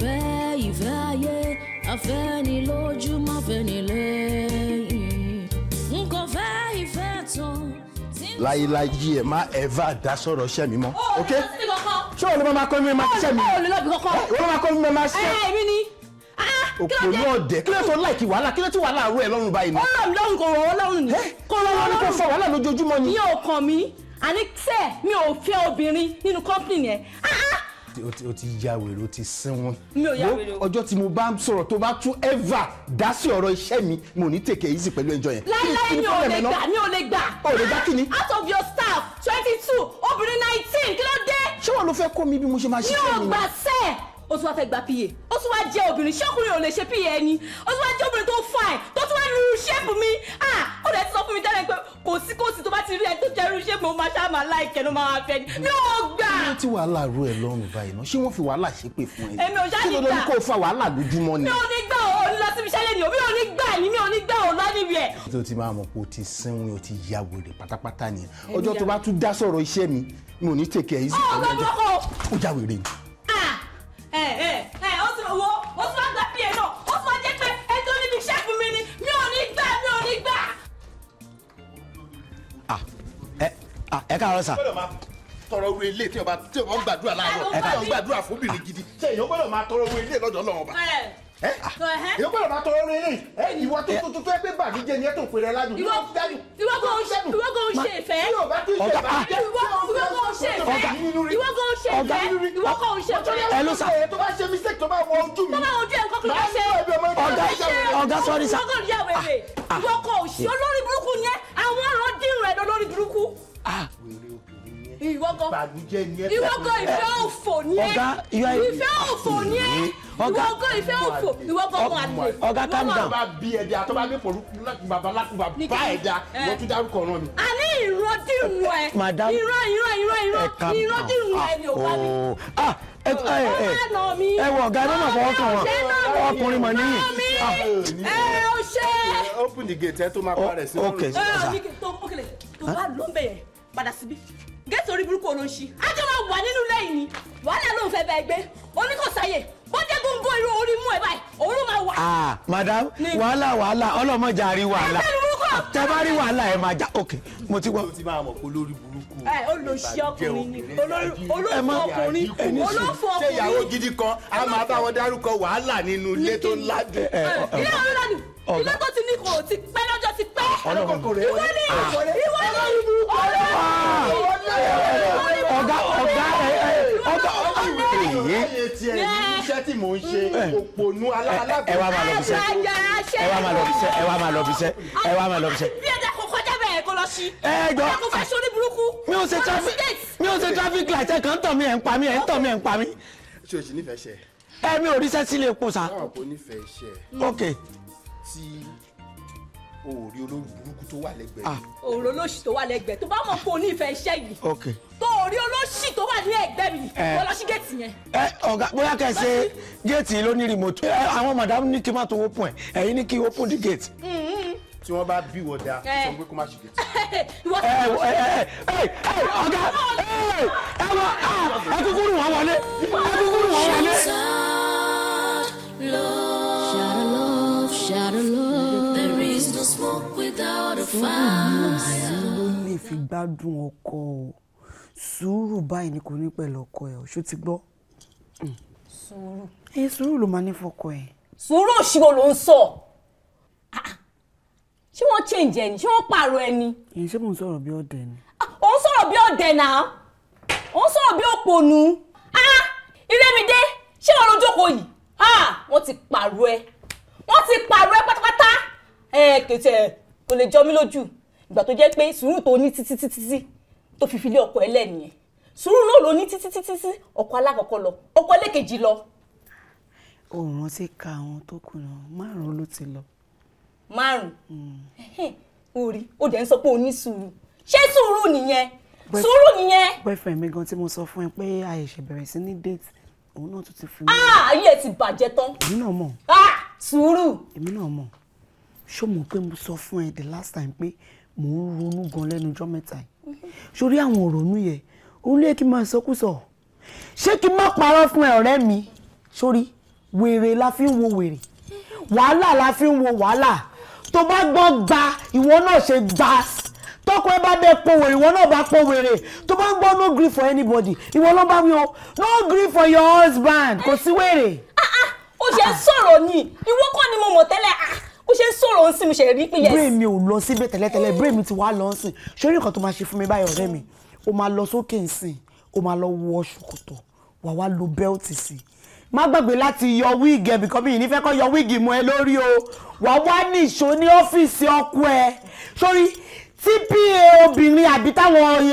ìfẹ́ ìfẹ́ ayé afẹ́nilójú má fẹ́ni lẹ́yìn n kò fẹ́ ìfẹ́ tán. láyéláyé ẹ má ẹ̀fà dá sọ̀rọ̀ ṣẹ́ mi mọ́ oh, ok ṣé òun oh, ló máa kọ́ mi máa ṣẹ́ eh, mi òun ah, ah, ló máa kọ́ mi máa ṣẹ́ ẹ̀ mi ni òpònú ọ̀dẹ̀ kí ló tó láìkí wàhálà kí ló tó wàhálà àárọ̀ ẹ̀ lọ́rùn báyìí ni. ọlọ́run lọ́run kò rọ̀ ọ́ lọ́rùn ni. Eh, kò rọ̀ ọ́ lọ́rùn kò fọ wàhálà lójoojúmọ́ ni. yóò kàn mí àní tẹ́ mi ò fẹ́ obìnrin nínú kọ́ńpìnì yẹn ah, o ti ya wèrè o ti sínwọ́n. mi ò ya wèrè o. ọjọ́ tí mo bá ń sọ̀rọ̀ tó bá tún ever dá sí ọ̀rọ̀ iṣẹ́ mi mo ní tèké easy pẹ̀lú ẹjọ́ yẹn. láíláí mi ò lè gbà mi ò lè gbà. o lè gbà kí ni. Ah, out of your staff twenty two obìnrin nineteen kí ló dé. ṣé wọn ló fẹ́ kó mi bí mo ṣe máa ṣiṣẹ́ mi. mi ò gbà sẹ́ẹ̀ ó tún wá fẹ́ gba pa ó tún wá jẹ́ obìnrin ṣé ọkùnrin ò lè ṣe pa ẹni ó tún wá jẹ́ obìnrin tó fine tó tún wá ní irú ṣẹ́ẹ̀pù mi ah ó dẹ̀ ti sọ fún mi tẹ́lẹ̀ pé kò sí kò sí tó bá ti rí ẹni tó jẹ́ irú ṣẹ́ẹ̀pù mo máa ṣáà máa láìkẹ́ ló máa fẹ́ ni mi ò gbà. ti wàhálà ru ẹ lọ́rùn báyìí náà ṣé wọ́n fi wàhálà ṣépè fún ẹ èmi ò ṣáà ní gbà kí ló lórí kó fa wàhálà lójúmọ́ ni. mi ò ní gbà ò ń lọ síbi iṣẹ́ lẹ́nu mi ò ní gbà ni mi ò ní gbà ò lọ níbi ẹ̀. tó ti máa mọ̀ pé o ti sẹ́wọ̀n o ti ya wèrè pátápátá nìyẹn ọjọ́ tó bá tún dá sọ̀rọ̀ iṣẹ́ mi mi ò ní tèkẹ́ ẹ̀ ẹ́ sì kọ́ lọ́jọ́ ó ya wèrè ni ẹ ẹ ẹ ó ti wọ ó ti wá gba pa náà ó ti wá jẹ́ pé ẹ tó níbi iṣẹ́ fún mi ni mi ò ní gbà mi ò ní gbà. ẹ káàárọ̀ sà tọrọ ru ilé tí o bá tí o bá ń gbàdúrà láàárọ̀ tí o ń gbàdúrà fún bìnrin gidi ṣe èèyàn gbọ́dọ̀ máa tọrọ ru ilé lọ́dọ̀ Ọlọ́run ọba ìyókòlò eh, ah. bá tọrọ rere ẹ ìwọ tó eh. tó tó ẹ pé bàbí jẹ ni ẹ tó pèrè ládùn. Ah. ìwọ ìwọ kò ń ṣe ìwọ kò ń ṣe ìfẹ́. ìwọ kò ń ah. ṣe ìfẹ́. ìwọ kò ń ṣe ìfẹ́. ìwọ kò ń ṣe ìfẹ́. ẹ ló sà. tó bá ṣe mistake tó bá wọ ojú mi. tó bá ojú ẹ nǹkan kìlọ̀ ṣe. ọ̀gá ọ̀gá sọ́ọ́rì sà. ìwọ kò ń ṣe olórí ìbànújẹ́ ni ẹ. ìwọ́gọ̀ ìfẹ́ òfò ni ẹ. ọ̀gá ìfẹ́ òfò ni ẹ. ìwọ́gọ̀ ìfẹ́ òfò ìwọ́gọ̀ ọmọ àlè. calm down. bá bí ẹ̀dẹ̀ àtọ́ba bí pọ̀lú babalákùbà bá ẹ̀dá wọ́n tún dárúkọ ọ̀ràn mi. àní ìrọ́ dìrùn ẹ̀. madam ìrọ́ ìrọ́ ìrọ́ ìrọ́ ìrọ́ dìrùn ẹ̀ ni ò bá mi ah, ah, ah, ẹ wọ ọgá ló mà fọwọ́ kàn wọn ọkùnrin mà níyì. ẹ o ṣe. open the gate ẹ tó máa parẹ sí. ok ẹ o ní kí tó bá ló ń padà síbí gẹ́tì orí burúkú olóṣì á jọ máa wà nínú lẹ́yìn ni wàhálà ló ń fẹ́ bẹ́ẹ̀ gbé oníkọ̀sáyè bọ́jẹ́gun bọ́ irú orí mú ẹ báyìí òun máa wà. ah madam wàhálà wàhálà ọlọmọjà rí wàhálà tẹ́bárí wàhálà ẹ̀ máa já ok mo ti wọ́n. o ti máa mọ̀ olórí burúkú. ẹ olùsí ọkùnrin ni olófò ọkùnrin olófò ọkùnrin. ṣé ìyàwó gidi kan a máa bá wọn dárúkọ wàhálà nínú ilé tó ń ládùn. ilé ọ̀rọ̀ lánìí ilé tó ti ní kò ti pẹ́ lọ́jọ́ ti pẹ́. Ah, ọlọ́kọ̀kọ̀rẹ́ ìwọ ni ìwọ ni olórí ah. burúkú. Ah. ọ̀gá ọ̀gá ọ̀gá láyé tiẹ̀ ní iṣẹ́ tí mò ń ṣe mm. òpònú alábẹ́. ẹ wá máa lọ bí iṣẹ́ ẹ wá máa lọ bí iṣẹ́ ẹ wá máa lọ bí iṣẹ́ bí iṣẹ́. kò kọjá bẹ́ẹ̀ kó lọ sí. ẹ gbọ́ ẹ kò fẹ́ sórí burúkú. mi ò ṣe traffic mi ò ṣe traffic light ẹ̀ kàn ń tàn mí ẹ̀ ń pa mí ẹ̀ ń tàn mí ẹ̀ ń pa mí. ṣé nífẹ̀ẹ́ ṣe. ẹ mi ò ríṣẹ́ sílé epo sa. báwo nífẹ̀ẹ́ ṣe. ok. ti o ò rí olórí burúkú tó wà lẹ́gbẹ̀ẹ́. òòrò ah. olóṣì tó wà lẹ́gbẹ̀ẹ́ tó bá mọ̀ pé o ní ìfẹ́ iṣẹ́ yìí. ok tó o rí olóṣì tó wà ní ẹ̀gbẹ́ mi eh. wọ́n lọ sí géètì yẹn. ẹ eh, ọ̀gá bóyá kẹ́ ẹ ṣe géètì ló ní rìmọ̀tù eh, àwọn màdàmú ní kí n má tó open ẹ̀ ẹ̀yin ní kí open the gate mm-hmm. tí wọ́n bá bí wọ da sọ pé kó má ṣìkè tí. ẹ ah, ẹ ẹ ọ̀gá ẹ wọ ẹ kúkúrú wọn wọlé ẹ kúkúrú wọn wọlé. Shout love, shout love sùúrù ni lè fi gbádùn ọkọ o sùúrù báyìí ni kò ní pẹ̀lú ọkọ ẹ̀ ṣó ti gbọ́. Hmm. sùúrù. ẹ sùúrù ló máa ní fọkọ ẹ. sùúrù òṣìwò ló ń sọ ah, ah. ṣé wọ́n change ẹni ṣé wọ́n pààrọ̀ ẹni. èyí ṣé mò ń sọ̀rọ̀ bí ọ̀dẹ̀ ni. Ah, òun sọ̀rọ̀ bí ọ̀dẹ̀ náà òun sọ̀rọ̀ bí òpònú. Ìrẹ́mídé ṣé wọn lójókòó yìí wọ́n ti pààrọ̀ ẹ wọ́n ti pààrọ̀ ẹ pátápátá ẹ kètè kò lè jọ mí lójú ìgbà tó jẹ́ pé sùúrù tó ní títí títí tó fi filé ọkọ ẹlẹ́nìí sùúrù náà ló ní títí títí ọkọ alákọ̀ọ́kọ́ lọ ọkọ ẹlẹ́kejì lọ. òòrùn ti ka àwọn tó kùnà márùn-ún ló ti lọ. márùn-ún hmm. orí ó dẹ̀ ń sọ pé o ní sùúrù ṣé sùúrù nìyẹn sùúrù nìyẹn. boyfriend mi gan tí mo sọ fún ẹ pé àìṣe bẹ̀rẹ̀ sí ní date òun náà tún ti fi mí. Ah, ayé ẹ ti bàjẹ́ tán. èmi náà mọ̀. Ah, sùúrù. èmi náà mọ̀ ṣó mọ̀ pé mo sọ fún ẹ the last time pé mò ń ronú gan lẹ́nu ọjọ́ mẹ́ta yìí sórí àwọn òrònú yẹn òun lè kí n máa sọkúsọ ṣé kí n má parọ́ fún ẹ ọ̀rẹ́ mi sórí wèrè la fi ń wo wèrè wàhálà la fi ń wo wàhálà tó bá gbọ́ gba ìwọ náà ṣe gba tọkọ bá bẹ po wèrè ìwọ náà bá po wèrè tó bá ń gbọ́ no gree for anybody ìwọ ló bá wí o no gree for your husband kò sí wèrè. ó ah, ah, ṣe sọ̀rọ̀ ni ìwọ kọ́ ni mo mọ̀ tẹ́lẹ̀ ah bó ṣe ń sọ̀rọ̀ ń sìn mo ṣe rí pé yẹn. brain mi ò lọ síbẹ̀ tẹ́lẹ̀tẹ́lẹ̀ brain mi ti wá lọ sìn ṣórí nǹkan tó máa ṣe fún mi báyìí ọ̀rẹ́ mi o máa lọ sókè ń sìn o máa lọ wọ ṣòkòtò wà wá lo bẹ́ẹ̀tì sí i má gbàgbé láti yọ wíìgì ẹ bìkan mi yìí nífẹ̀ẹ́ kọ́ yọ wíìgì mọ́ ẹ lórí o wà wá ní ìṣó ní ọ́fíìsì ọkọ ẹ sórí tí pa obìnrin àbí táwọn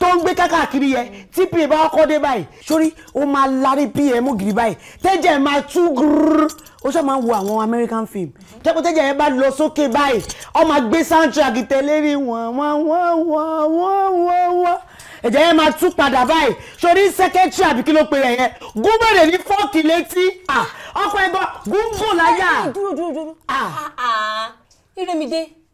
tó ń gbé kákàkiri yẹn tí bá kọ́ dé báyìí sórí ó máa larí pa gírí báyìí tẹ́jẹ̀ máa tú gúrúrú ó ṣáà máa ń wo àwọn American film jẹ́pọ̀tẹ́jà yẹn bá lọ sókè báyìí ó gbé soundtrack tẹ̀lé rí wọ́n wọ́n wọ́n wọ́n wọ́n wọ́n wọ́n ẹ̀jẹ̀ yẹn máa tún padà báyìí sórí sẹ́kẹ́tìrì àbí kí ló pe rẹ̀ yẹn gúnbọ̀dẹ̀ ní fọ́ọ̀kì létí ah, ọkọ̀ ẹ̀gbọ́n gúnbọ̀ láyà. dúró dúró dúró. Ìrèmídé ah. ah,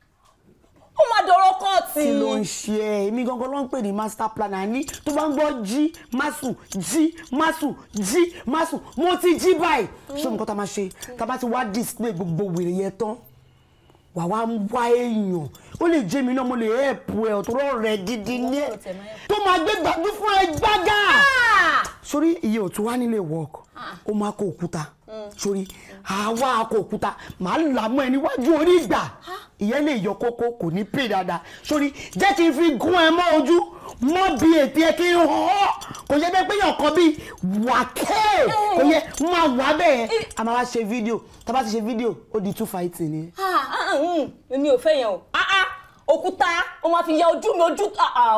ó máa dọ̀rọ̀ kọ́ọ̀tì. kí ló ń ṣe ẹ èmi gangan ló ń pè ní master planner ní tó bá ń gbọ́ jí masu jí masu jí masu mo ti jí báyìí ṣé nǹkan tá a máa ṣe tá a bá ti wá display gbogbo wèrè yẹn tán wà wá ń wá èèyàn ó lè jẹ́ mi náà mo lè ẹ̀pù ẹ̀ ọ̀tọ̀rọ̀ rẹ̀ gidi ní ẹ̀ tó máa gbé gbàgbé fún ẹ gbága. Ah! sórí iye òtún wá nílé work ah! ó máa kó òkúta mm. sórí àwa àkó òkúta màá là mọ́ ẹ níwájú orí ìgbà ìyẹn lè yọ kókó kò ní pè dáadáa sórí jẹ́ kí n fi gún ẹ mọ́ ojú mọ́ bí ètè ẹ kí n hàn ọ́ kò yẹ bẹ́ẹ̀ pé yàn kan bí wákẹ́ kò yẹ máa wà bẹ́ẹ̀ a máa wá ṣe fídíò tá a bá ti ṣe fídíò ó di two fighting ni. Hmm. èmi ò fẹ́ yẹn o òkúta o máa fi ya ojú mi ojú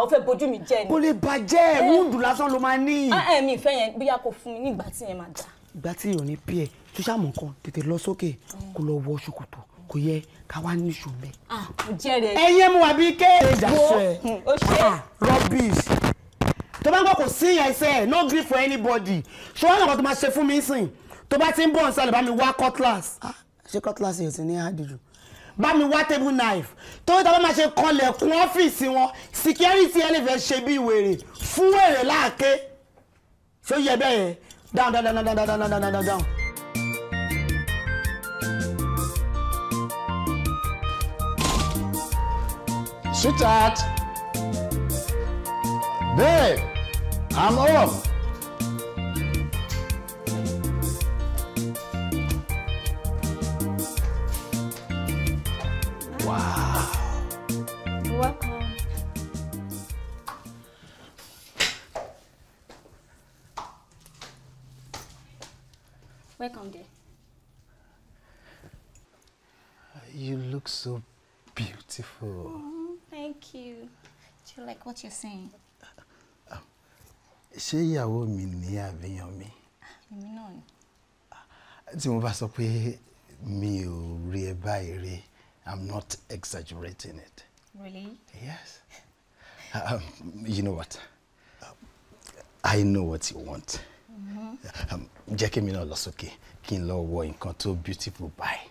o fẹ́ bojú mi jẹ ni. kò lè bàjẹ́ múndù lásán ló máa ní. ẹ̀ẹ́mì ìfẹ́ yẹn bóyá kò fún mi ní ìgbà tí yẹn máa dà. ìgbà tí yóò ní pí ẹ̀ ṣùṣàmù kan tètè lọ sókè kó lọ wọ ṣòkòtò kò yẹ ká wá níṣù mẹ. ẹyẹ mu àbí kéèké wo ah, rubbish tó bá ń gbọ́ kò sí ìyẹn ẹsẹ̀ no gree for anybody ṣọwọ́n náà kan tó máa ṣe fún mi sìn tó bá ti ń bọ̀ ń sálẹ̀ bá mi wá cutlass ah, ṣé cutlass yẹn ti ní àdìrú bá mi wá table knife tó dábàá máa ṣe kanlẹ̀kùn ọ́fíìsì wọn security ẹ̀ lè fẹ́ ṣe bí wèrè fún wèrè láàké ṣó yẹ bẹ́ẹ̀ yẹn down down down down down down down down down. Sweetheart. Babe, I'm home. Wow. welcome. Welcome, dear. You look so beautiful. Oh. Thank you. Do you like what you're saying? Ṣé ìyàwó mi ní àbíyàn mi? Èmi náà ni. Tí mo bá sọ pé mi ò rí ẹ báyìí rí, I'm not exaggerating it. Really? Yes. Um, you know what? I know what you want. Mm-hmm. Um, jẹ́ kí mi náà lọ sókè kí n lọ wọ nǹkan tó beautiful báyìí.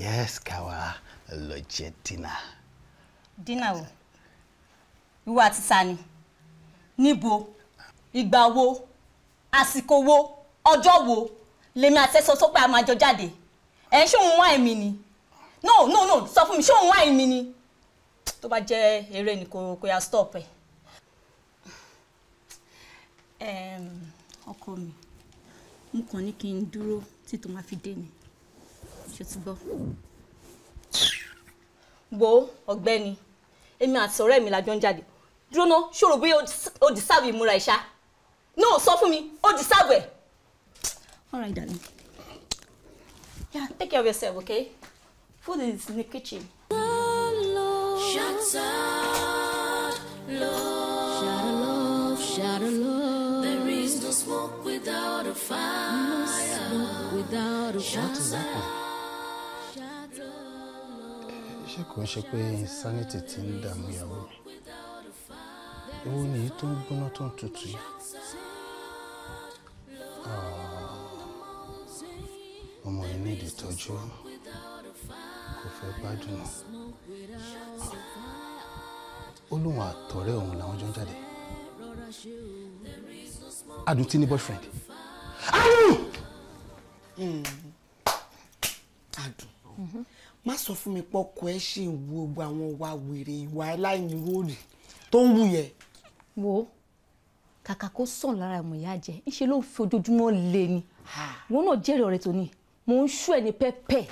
Yes, káwa lọ jẹ dinner dínà o ìwọ àti sani níbo ìgbà wo àsìkò wo ọjọ́ wo lèmi àtẹ́sọ tó pé a máa jọ jáde ẹ̀ ń ṣóun wá èmi ni no no no sọ fún mi ṣóun wá èmi ni tó bá jẹ́ eré ni kò kò yà stop ẹ̀ ọkọ mi mo kàn ní kí n dúró títí tó máa fi dé ni ṣe ti gbọ́ wo ọ̀gbẹ́ni èmi àti ọ̀rẹ́ mi la jọ ń jáde dúró ná ṣòro bóyá o deserve ìmúra ìṣá no sọ fún mi o deserve ẹ. all right darling yeah take care of yourself okay food is in the kitchen. Shout out, ṣé kò ń ṣe pé insanity ti ń dààmú ìyàwó mi ewu nìyí tó ń gbóná tó ń tutù yìí ah, ọmọ yìí ní ìdìtọ́jú kò fẹ́ gbádùn ó lóun àtọ̀rẹ́ òun làwọn jọ ń jáde adùn tí ní boyfriend adùn. Hmm. adùn Mm-hmm. má sọ fún mi pọkọ ẹ ṣe ń wo gbogbo àwọn ìwà wèrè ìwà aláìní róòlì tó ń wù yẹn. wo kàkà kó sàn lára ìmọ̀ ìyá jẹ ńṣe ló ń fi ojoojúmọ́ lé ni wọn náà jẹ́rìí ọ̀rẹ́ tó ní mò ń ṣú ẹ̀ ní pẹ́pẹ́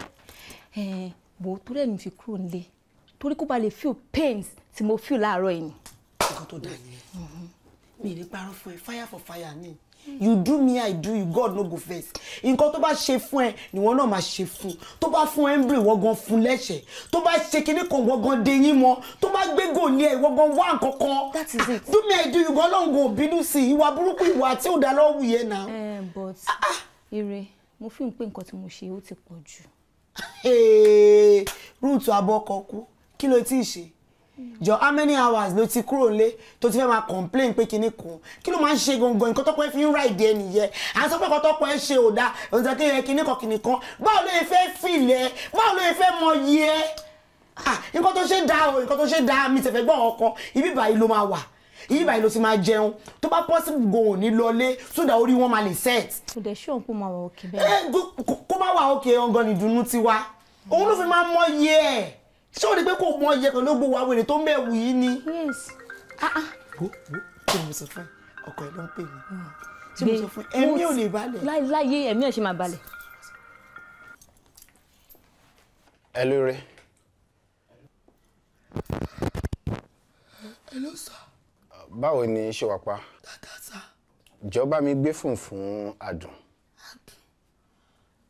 wo torí ẹ̀ mi fi kúrò nílé torí kó ba lè feel pains tí mo feel láàárọ̀ yìí. ọkọ tó dà ní ẹ mi ní parọ́ fún ẹ fire for fire ni you do me i do you god no go first nǹkan tó bá ṣe fún ẹ níwọ náà máa ṣe fún tó bá fún ẹ ń bèrè ìwọ gan fún lẹ́sẹ̀ tó bá ṣe kinní kan ìwọ gan dé yín tó bá gbégò ní ẹ ìwọ gan wá nǹkan that is it do me i do you god náà go bínú sí i ìwà burúkú ìwà àti òdàlọ́wù yẹn náà. Eh, but ah, ah. ire mo fi ń pé nǹkan tí mo ṣe ó ti pọ̀ jù. rúùtù abọ́kọ̀ kú kí ló ti ṣe jọ how many hours ló ti kúrò lé tó ti fẹ́ máa complain pé kinní kan kí ló máa ń ṣe gangan nǹkan tọ́pọ̀ ẹ fi ń ra ìdí ẹ nìyẹn à ń sọ pé nǹkan tọ́pọ̀ ẹ ṣe ò dáa òun sọ kéèyàn kinní kan kinní kan báwo ló yẹ fẹ́ fìlẹ̀ báwo ló yẹ fẹ́ mọ yẹ ah, nǹkan tó ṣe dáa o nǹkan tó ṣe dáa mi tẹ̀fẹ́ gbọ́n ọkọ ibi báyìí ló máa wà yìí báyìí ló ti máa jẹun tó bá possible go ní lọlé sódà orí wọn máa lè set. kò dẹ̀ ṣé òun kò máa wà òkè bẹ́ẹ̀. Eh, kó má wà òkè ọgàn ṣé o rí pé kò mọ iye kan ló gbowó awèrè tó mẹ́wù yìí ni. yes ah ah. wo wo kí ni mo sọ fún ẹ ọkọ ẹ ló ń pè mí hmm. ṣé mo sọ fún ẹ ẹ̀mí ò lè balẹ̀. láyé ẹ̀mí ò ṣe máa balẹ̀. ẹ ló rẹ. ẹ ló sọ. báwo ni ṣe wà pa. dáadáa sá. ìjọba mi gbé fún adùn. adùn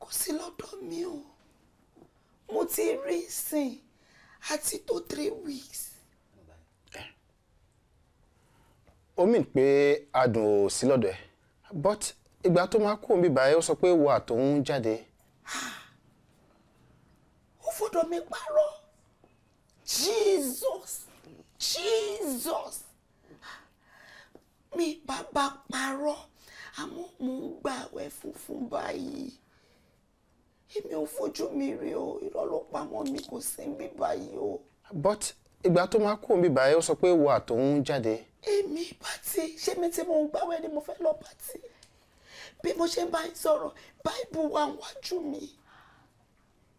kò sí lọ́dọ̀ mi o mo ti rí sìn àti tó three weeks. ó mìn pé adùn ò sí lọ́dọ̀ ẹ̀ but ìgbà tó máa kú òun bíbá ẹ ó sọ pé wo àtòun jáde. ó fọdọ̀ mi parọ́ Jesus Jesus mi bàbá parọ́ àmọ́ mò ń gbàwẹ̀ funfun báyìí èmi ò fojú mi rí o irọ́ ló pa mọ́ mi kò sí níbí báyìí o. but ìgbà tó máa kú òun bíbá ẹ ó sọ pé wo àtòun jáde. èmi pàtì ṣé mi tí mo ń gbáwé ni mo fẹ́ lọ pàtì bí mo ṣe ń bá yín sọ̀rọ̀ báìbù wà wájú mi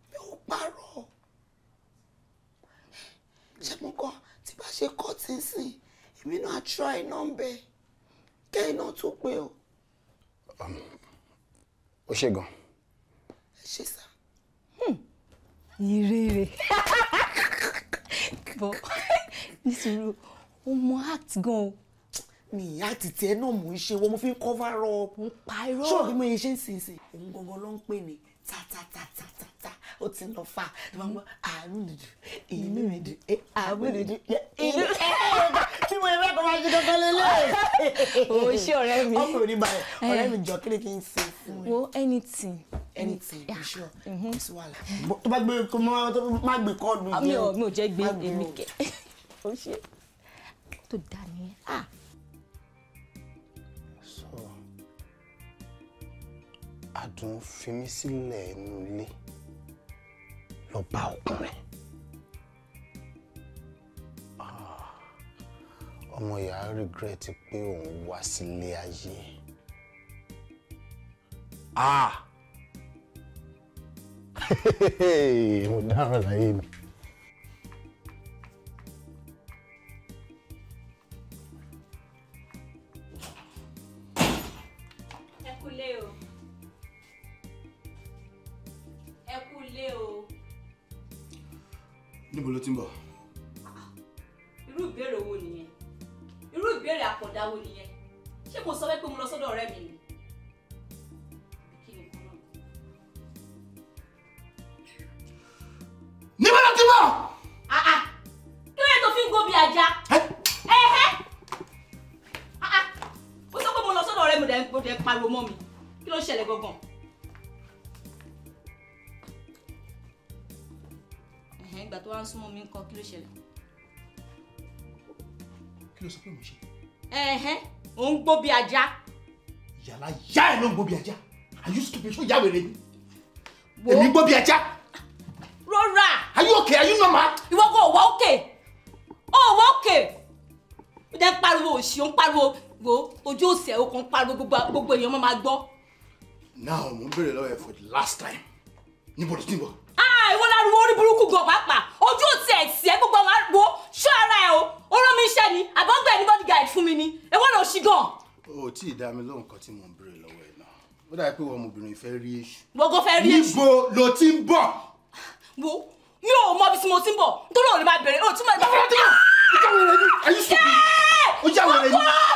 mi ò parọ́ ṣé mo kàn tí bá ṣe kọ́ tí ń sìn èmi náà àtúrà iná ń bẹ kẹ́ iná tó pé o. Um, ó ṣe gan-an ṣe sá. ìrèrè bọ nítorí ó mọ act gan o. mi ìyá àti tiẹ̀ náà mò ń ṣe wọ́n mo fi cover up. mo pa irọ́ ṣọ́ọ̀ bí mo ṣe ń sìn sìn òun gangan ló ń pè ní tatatatata ó ti lọ fa àánú nìdú èyí mímìdú àánú nìdú inú ẹ̀ẹ́dà tí mo ẹgbẹ́ kan máa ṣe kankan lélẹ̀. o ṣé ọ̀rẹ́ mi ọkùnrin ní báyìí eh. ọ̀rẹ́ mi jọ kíni kí n ṣe fún ẹ. wo anything anything yeah. sure mm-hmm. kò sí wàhálà tó bá gbé kó má gbé kọ́ọ̀dù ah, yẹn mi ò mi ò jẹ́ gbé èmi kẹ́ o ṣe tó dà nìyẹn. Ah. sọ adùn fi mí sílẹ̀ nínú ilé lọ bá ọkùnrin. ọmọ ìyá regret pé òun wá sílé ayé ah mo dáràn láyé mi. níbo ló ti ń bọ̀. ìbéèrè àkàndá wo nìyẹn ṣé mo sọ pé mo lọ sọ́dọ̀ ọ̀rẹ́ mi ni. níbo ló ti bọ̀. kí lóye tó fi ń gbóbi ajá. mo sọ pé mo lọ sọ́dọ̀ ọ̀rẹ́ mi mo dẹ̀ ń pariwo mọ́ mi kí ló ṣẹlẹ̀ gangan. ìgbà tó wá ń súnmọ́ mi ń kọ́ kí ló ṣẹlẹ̀. kí ló sọ pé mo ṣe ẹ̀hẹ́n ò ń gbó bí ajá. yàrá yá ẹ ló ń gbó ajá are you stupid ṣó yàwèrè ni èmi gbó bí ajá. Rora. are you okay are you normal. ìwọ kò wọ òkè ó wọ òkè ó dẹ́ pariwo òsì ó ń pariwo wo ojú òsè ó kàn ń pariwo gbogbo èèyàn máa gbọ́. now mo ń béèrè lọ́wọ́ ẹ for the last time níbo ló ti ń bọ̀ ìwọ lárúwọ orí burúkú gan pàápàá ojú ò tiẹ̀ tiẹ̀ gbogbo àwọn arúgbó ṣọ́ ara ẹ̀ o ó rán mi iṣẹ́ ni àbọ̀gbà ẹni bodyguard fún mi ni èwo ló ṣì gan. o tí ì dá mi lóhùn kan tí mò ń béèrè lọ́wọ́ ẹ̀ náà ó dàbí pé ọmọbìnrin fẹ́ rí èṣù. gbogbo fẹ́ rí èṣù. níbo ló ti ń bọ̀. wo mi ò mọ ibi tí mo ti ń bọ̀ nítorí òun ló máa bẹ̀rẹ̀ òun tún máa. bàbá bàbá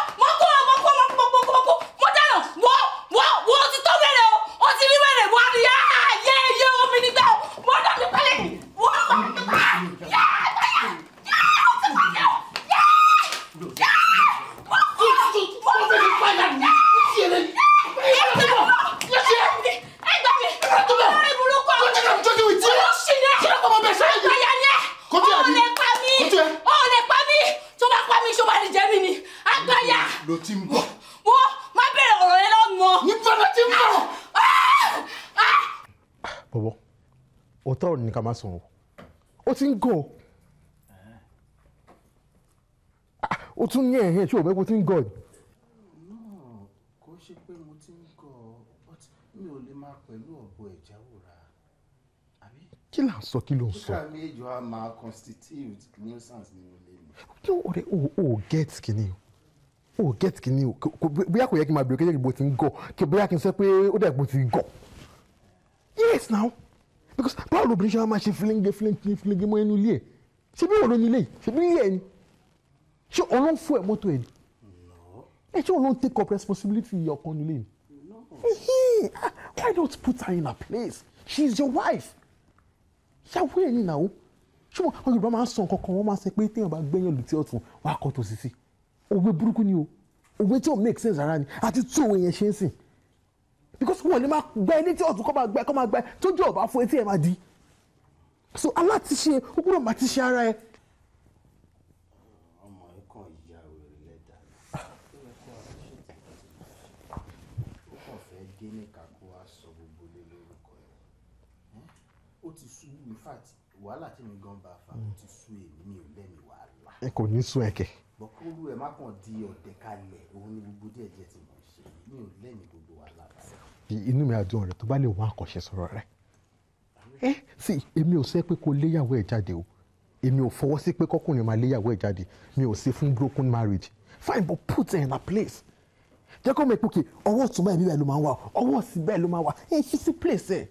ní ká má san o ó ti ń gọ̀ ó tún ní ẹ̀hìn tí ò ti ń gọ̀ ni. kò ṣe pé mo ti ń gọ̀ mi ò lè máa pẹ̀lú ọ̀bọ ẹ̀já wòrà àbí. kí là ń sọ kí ló ń sọ. kíkà mi èjò á máa constitute nuisance nínú ilé mi. kí ọ̀rẹ́ o ò get kìíní o o get kini o bóyá kò yẹ kí n máa bèrè kéjèké bó ti ń gọ bóyá kí n sọ pé ó dẹ̀ bó ti ń gọ yes now because Paul, lóbìnrin ṣe wá máa ṣe fílẹ́ńgẹ́ fílẹ́ńgẹ́ fílẹ́ńgẹ́ mọ́ ẹnu ilé ẹ̀ ṣé bí wọ́n ló ní ilé yìí ṣé bí ilé ẹ̀ ni ṣé ọlọ́run fún ẹ̀ mọ́tò ẹ̀ ni ẹ ṣé ọlọ́run take up responsibility ìyá ọkọ nílé ni why don't put her in her place she is your wife yàwó ẹ̀ ni nàá ṣùgbọ́n àwọn Yorùbá máa ń sọ nǹkan kan wọ́n máa ń sọ pé téèyàn bá gbẹ́yàn lùtí ọ̀tún wàá kọ́ tòsí sí òwe burúkú ni o òwe tí ò make sense rárá ni àti tí òwe yẹn ṣe ń sìn because wọn ni máa gbẹ ẹni tí ọ̀tún kọ́ máa gbẹ kọ́ máa gbẹ tójú ọ̀bá fún etí ẹ̀ máa di so alátiṣe ó gbọ́dọ̀ máa ti ṣe ara ẹ̀. wàhálà tí mi gan bá fa o ti sú èmi mi ò lẹ́mi wàhálà. ẹ kò ní sún ẹkẹ. bọ́kúrú ẹ má kàn di ọ̀dẹ̀ kalẹ̀ òun ni gbogbo díẹ̀ díẹ̀ tí mo ṣe mi ò lẹ́mi inú mi àdúrà rẹ tó bá lè wá àkànṣe sọ̀rọ̀ rẹ ẹ eh? sì èmi ò sẹ́ pé kó léyàwó ẹ̀ jáde o èmi ò fọwọ́ sí pé kọ́kùnrin máa léyàwó ẹ̀ jáde mi ò sí fún broken marriage fine but put her in her place jẹ́ kó mọ̀ pé kí ọwọ́ ọ̀tún báyìí bíbẹ̀ ló máa ń wà ọwọ́ òsì bẹ́ẹ̀ ló máa wà ẹ̀ ṣí sí place ẹ̀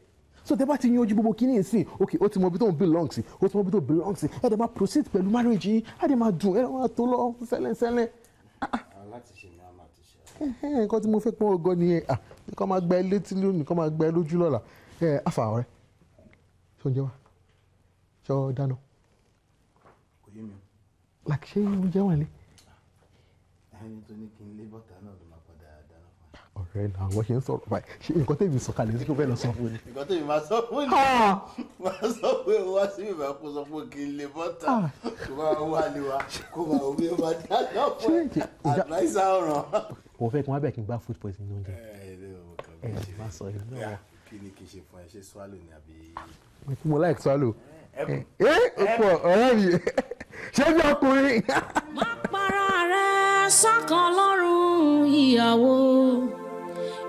so tẹ bá ti yanjú gbogbo kínní ìsìn ok ó ti mọ ibi tó ń belong sí ó ti mọ ibi tó belong sí ẹ dẹ máa proceed pẹ̀lú marriage yìí á dẹ máa dùn ẹ dẹ máa tó lọ sẹ́lẹ̀sẹ́lẹ̀. Ah, ah. láti ṣe ní nǹkan tí mo fẹ́ pọ́n ọgọ́ ni ẹ kọ́ máa gba ẹ létí lónìí kọ́ máa gba ẹ lójú lọ́la ẹ afa ọ̀rẹ́ ṣó ń jẹ wá dáná. kò yìí ń jẹ́ wà lé. ẹni tó ní kí n lé bọ́tà náà lọ ọ̀rẹ́ náà wọ́n ṣe ń sọ̀rọ̀ báyìí ṣe nǹkan tẹ̀mí sọ̀kalẹ̀ sí kó fẹ́ lọ sọ fún mi. nǹkan tẹ̀mí máa sọ fún mi máa sọ pé wá sí ìgbà kó sọ pé kí n lè bọ́tà ah! kó máa wá lè wá kó máa wí ó máa dáná fún ẹ àdáìsá ọ̀ràn. òun fẹ́ kí wọ́n bẹ̀ kí n gbá food poison ní oúnjẹ. ẹ ẹ máa sọ ẹ náà. kí ni kì í ṣe fún ẹ ṣe swallow ni àbí. mo like swallow. ẹ ẹ pọ ọ̀rẹ́ mi ṣé bí ọkùnrin. má para rẹ sákan lọ́rùn ìyàwó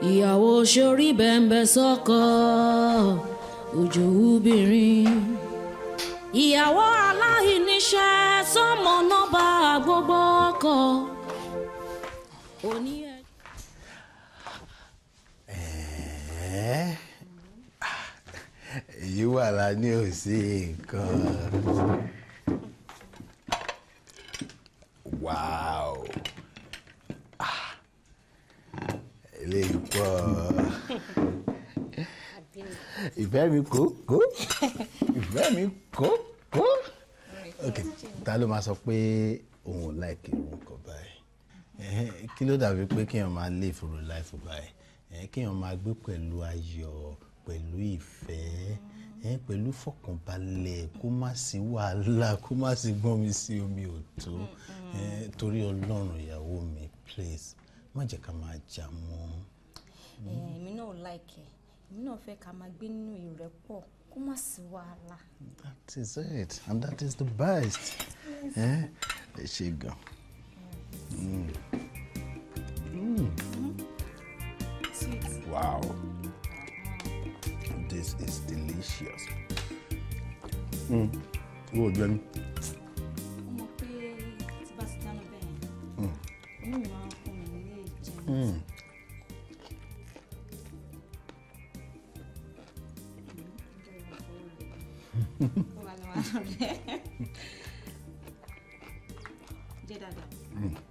ìyàwó sórí bẹ́ńbẹ́ sọ́kọ òjò obìnrin. ìyàwó aláìníṣẹ́ sọ́mọ nọ́bà gbogbo ọkọ. èyí wà lánìí ò sí nǹkan. wow. eléyìí pọ̀ ìfẹ́ mi kó kó ìfẹ́ mi kó kó ok ta ló máa sọ pé òun ò láìkí irú nǹkan báyìí kí ló dàbí pé kéèyàn máa lé ìfòrò láìfò báyìí kéèyàn máa gbé pẹ̀lú ayọ̀ pẹ̀lú ìfẹ́ pẹ̀lú fọkànbalẹ̀ kó má sí wàhálà kó má sí gbọ́n mi sí omi ò tó torí ọlọ́run ìyàwó mi please má jẹ́ ká máa jà mọ́. èmi náà ò láìkẹ́ èmi náà fẹ́ ká máa gbé nínú ìrẹ́pọ̀ kó má sí wàhálà. that is it and that is the best. Eh, ẹ ṣe gan. Mm. Mm. wow this is delicious. Mm. wo ojú ẹni. ọmọ pé tí bá ti dáná bẹ́ẹ̀ inú うんあのあのね。うん。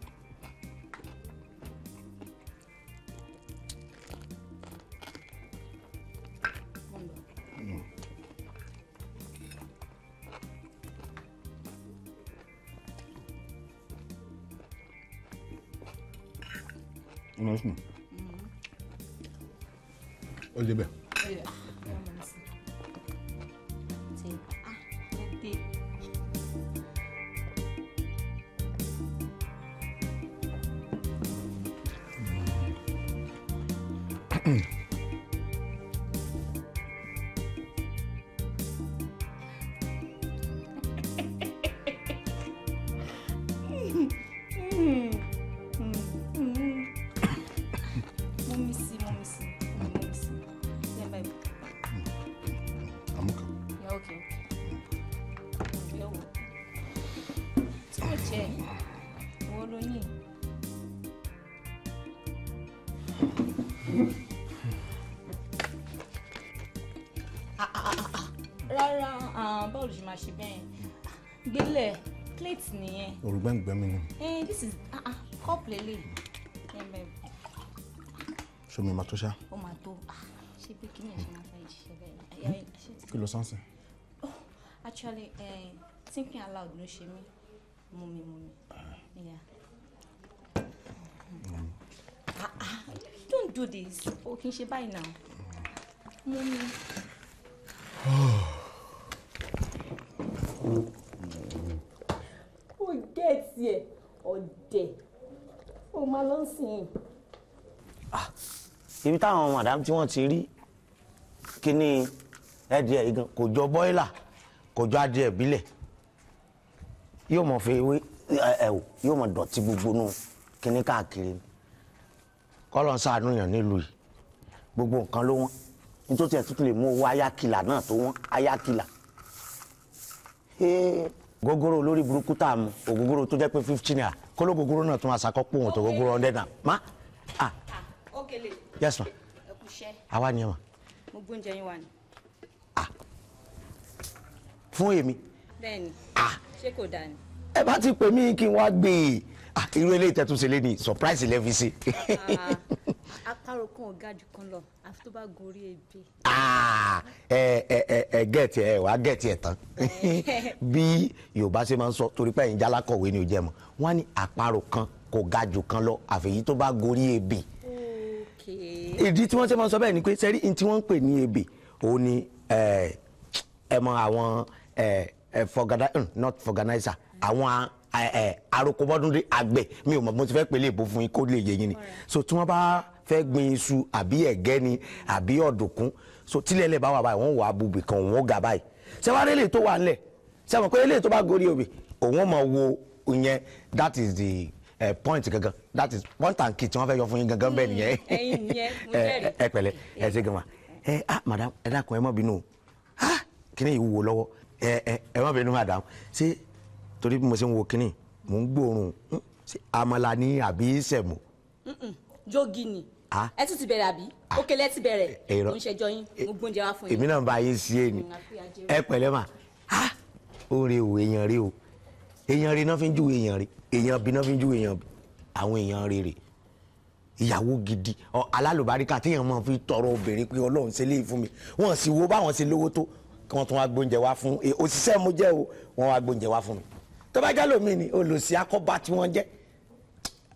olóṣùn ó débẹ̀. báwo ló ṣe máa ṣe bẹ́ẹ̀ gbélé plate nìyẹn. òrùgbẹ́ǹgbẹ́ mi ni. this is ah, ah, cup lele. ṣé mi máa tó ṣá. ó máa tó ah, ṣé bí kí ni ẹ máa fẹ́ ṣiṣẹ́ bẹ́ẹ̀. Hmm? kí ló sánsìn. Oh, actually thinking aloud ló ṣe mí mú mi mú mi. Hmm. don't do this o kì í ṣe báyìí náà mú mi. ibi táwọn madam tí wọ́n ti rí kíní ẹdìẹ igan kò jọ bọ́ìlà kò jọ adìẹ bílẹ̀ yóò mọ̀ fi ewé ẹ̀wò yóò mọ̀ dọ̀tí gbogbo nù kíní káàkiri kọ́lọ̀ ń sàánú yàn nílùú yìí gbogbo nǹkan ló wọ́n nítorí ẹ̀ tuntun lè mú owó ayákìlà náà tó wọ́n ayákìlà gogoro lórí burúkú tá a mu ògógóró tó jẹ́ pé fifteen naira kólógógóró náà tún aṣakọ́ pòun tó gógóró ọ̀ndẹ́ náà má yes ma. ẹ kú àwa ni ẹ ma. mo gbóúnjẹ yín wá ni. ah fún èmi. bẹ́ẹ̀ni ṣé kò dáa ni. ẹ bá ti pè mí kí n wá gbé e ah irú eléyìí tẹ́túnṣe lé ní surprise lẹ́fi sí. apárò kan ọ̀gá jù kan lọ àfi tó bá gorí ebè. ẹ ẹ ẹ gẹ̀ẹ́tì ẹ wàá gẹ̀ẹ́tì ẹ tán bí yorùbá ṣe máa ń sọ torí pé ẹ̀yin jálákọ̀wé ni ò jẹ́ mọ́ wọ́n á ní apárò kan kò ga jù kan lọ àfẹ̀yí tó bá gorí ebè ìdí tí wọ́n ṣe máa sọ bẹ́ẹ̀ ni pé sẹ́rí ní tí wọ́n ń pè ní ebè òun ni ẹ àwọn hmm, not forganizer àwọn arokobọ́dúndé àgbẹ̀ mi ò mọ̀ mo ti fẹ́ pèlè ìbò fún yín kó lè yé yín ni so tí wọ́n bá fẹ́ gbin iṣu àbí ẹ̀gẹ́ ni àbí ọ̀dùnkún so tílẹ̀ bá wà báyìí wọ́n wà á kan wọ́n ga báyìí sẹ́wárí lè tó wà ńlẹ̀ sẹ́wọ̀n pé eléyìí tó bá gorí obì òun mọ̀ wo ìyẹn that is the ẹ eh, point gangan that is One and key tí wọ́n fẹ́ yọ fún yín gangan bẹ́ẹ̀ nìyẹn hmm, eh, ẹ pẹ̀lẹ́ ẹ ṣe gama ẹ eh, ah madam ẹ dákun ẹ má bínú ah kíní yìí wúwo lọ́wọ́ ẹ ẹ ẹ má bínú madam ṣé torí bí mo ṣe ń wo kíní mò ń gbóòórùn hmm, ṣé àmàlà ni àbí sẹ̀mù. jogi ni ah. ẹ tún ti bẹ̀rẹ̀ àbí ah. òkèlè ti bẹ̀rẹ̀ mo ń ṣẹjọ yín mo gbóúnjẹ wá fún yín. èmi náà bá yín sí èyí mm, ẹ pẹ̀lẹ́ mà ah ó rí o èèyàn rí o èèyàn rí náà fi ń júwe èèyàn rí èèyàn bínáfínjú èèyàn àwọn èèyàn rere ìyàwó gidi alálùbáríkà téèyàn máa fi tọrọ obìnrin pé ọlọ́run ṣe léyìí fún mi wọ́n sì wo báwọn ṣe lówó tó kí wọ́n tún wá gbóúnjẹ wá fún òṣìṣẹ́ mo jẹ́ o wọ́n wá gbóúnjẹ wá fún mi tó bá jálò mí ni olùsí akọ́bá tí wọ́n jẹ́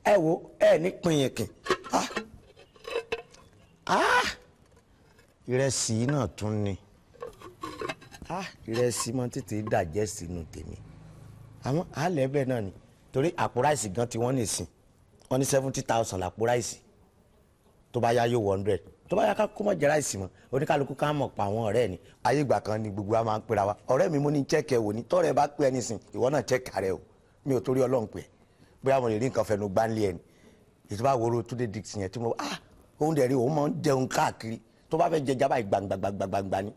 ẹ wo ẹ ní pinyìnkìn ah! ah! ìrẹsì náà tún ni ah! ìrẹsì máa tètè dàjẹ́ sínú tèmi àmọ́ àálẹ̀ bẹ́ẹ̀ náà ni torí àpò ráìsì gan tí wọ́n nìsín wọ́n ní seventy thousand làpò ráìsì tó bá yá yóò one hundred tó bá yá kó mọ̀ jẹ́ ráìsì mọ́ oníkálukú ká mọ̀ pa àwọn ọ̀rẹ́ ni ayé ìgbà kan ni gbogbo wa máa ń pera wa ọ̀rẹ́ mi mo ní chẹ́kẹ̀ wò ní tọ́rẹ̀ bá pẹ́ ẹni sìn ìwọ náà chẹ́kà rẹ o mi ò torí ọlọ́run pẹ́ bóyá mo lè rí nǹkan fẹnu gbánlé ẹni ètò bá woro túnde dix yẹn tí mo ah òun dẹ̀ rí òun máa ń jẹun káàkiri tó bá fẹ́ jẹ jábà gbàngbàngbàngbà ni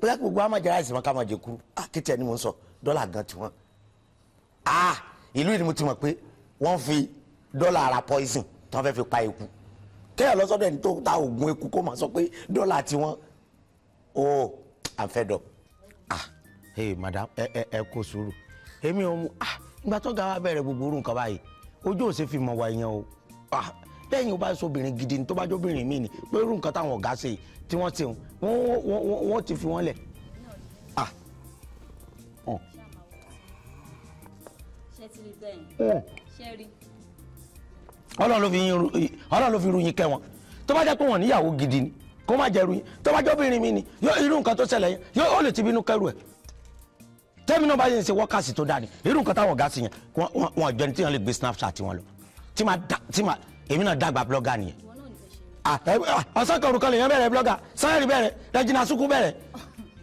bóyá gbogbo wa máa jẹ ráìsì mọ́ ká máa jẹ kúrú ah kété ẹni mo ń sọ dọ́là gan tiwọn ah ìlú yìí ni mo ti mọ̀ pé wọ́n fi dọ́là ara poison tí wọ́n fẹ́ fi pa eku kẹ́yọ̀ lọ́sọ́dọ̀ ẹni tó ta oògùn eku kó máa sọ pé dọ́là tiwọn o I'm fed up ah hey madam ẹ ẹ ẹ kó sùúrù èmi ò mú ah ìgbà tó ga wa bẹ̀rẹ̀ gbogbo orun kan báyìí ojú ò sì fi mọ̀ wá yẹn o ah lẹ́yìn o bá sọ obìnrin gidi tó bá jóbìnrin mi ni pé irú nǹkan táwọn ọ̀gá ṣe tí wọ́n ti wọ́n ti fi wọ́n lẹ̀ sẹ́yìn ṣẹ́rí. ọlọ́run ló fi irú yín kẹ́ wọn tó bá jẹ́ pé wọ́n níyàwó gidi ni kó má jẹ́ irú yín tó bá jẹ́ obìnrin mi ni irú nǹkan tó ṣẹlẹ̀ yẹn yóò ó lè ti bínú kẹ́rù ẹ̀ tẹ́mi náà bá yẹn ṣe wọ́kàsì tó dáa ni irú nǹkan táwọn ọ̀gá sí yẹn wọn jẹ́ni tí wọ́n lè gbé snapchat wọn lọ tí màá èmi náà dàgbà blọ́gà nìyẹn ọsàn kan orúkọ lèèyàn bẹ̀rẹ̀ blọ́gà sáyẹ̀rì bẹ̀rẹ̀ regina suku bẹ̀rẹ̀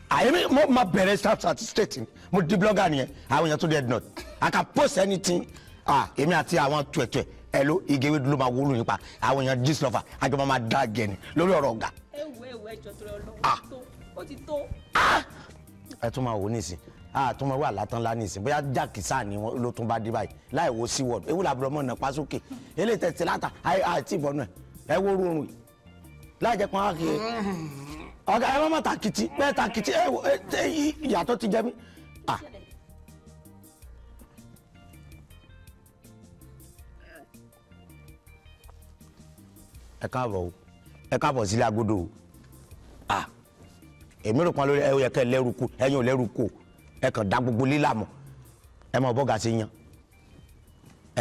àyẹ̀mí mo máa bẹ̀rẹ̀ snapchat straight ni mo di blogger nìyẹn àwọn èèyàn tó di headnut i can post anything ah èmi àti àwọn tuẹ̀tuẹ̀ ẹ ló igéwé ló máa wúlò nípa àwọn èèyàn gist lover àjọ máa dá gẹ̀ẹ́nì lórí ọ̀rọ̀ ọ̀gá. ẹ wo ẹ wo ẹjọ tó rẹ Ọlọ́run ah. ó ti tó. Ah! ẹ tún máa wò nísìn a ah, tún máa wà látàn lá nísìn bóyá jákèsá ni wọn ló tún bá dé báyìí láì wo sí wọọdù ewu làbúrò mọ ọ̀nà pásókè eléyìí tẹ̀sí láta àti ìbọnú ẹ ẹ wo rúurun yìí láì jẹ́ pọ́n á kì í mm. ọ̀gá ẹ má má takìtì bẹ́ẹ̀ takìtì ẹ ìyàtọ̀ ti jẹ́ mi Ah. ẹ káàbọ̀ ẹ káàbọ̀ sílé agodo o ah èmi rò pọn lórí ẹ yẹ kẹ lẹ́rù kù ẹ̀yin ò lẹ́rù kù ẹ kàn dá gbogbo lílà mọ̀ ẹ mọ̀ bọ́gà sí yan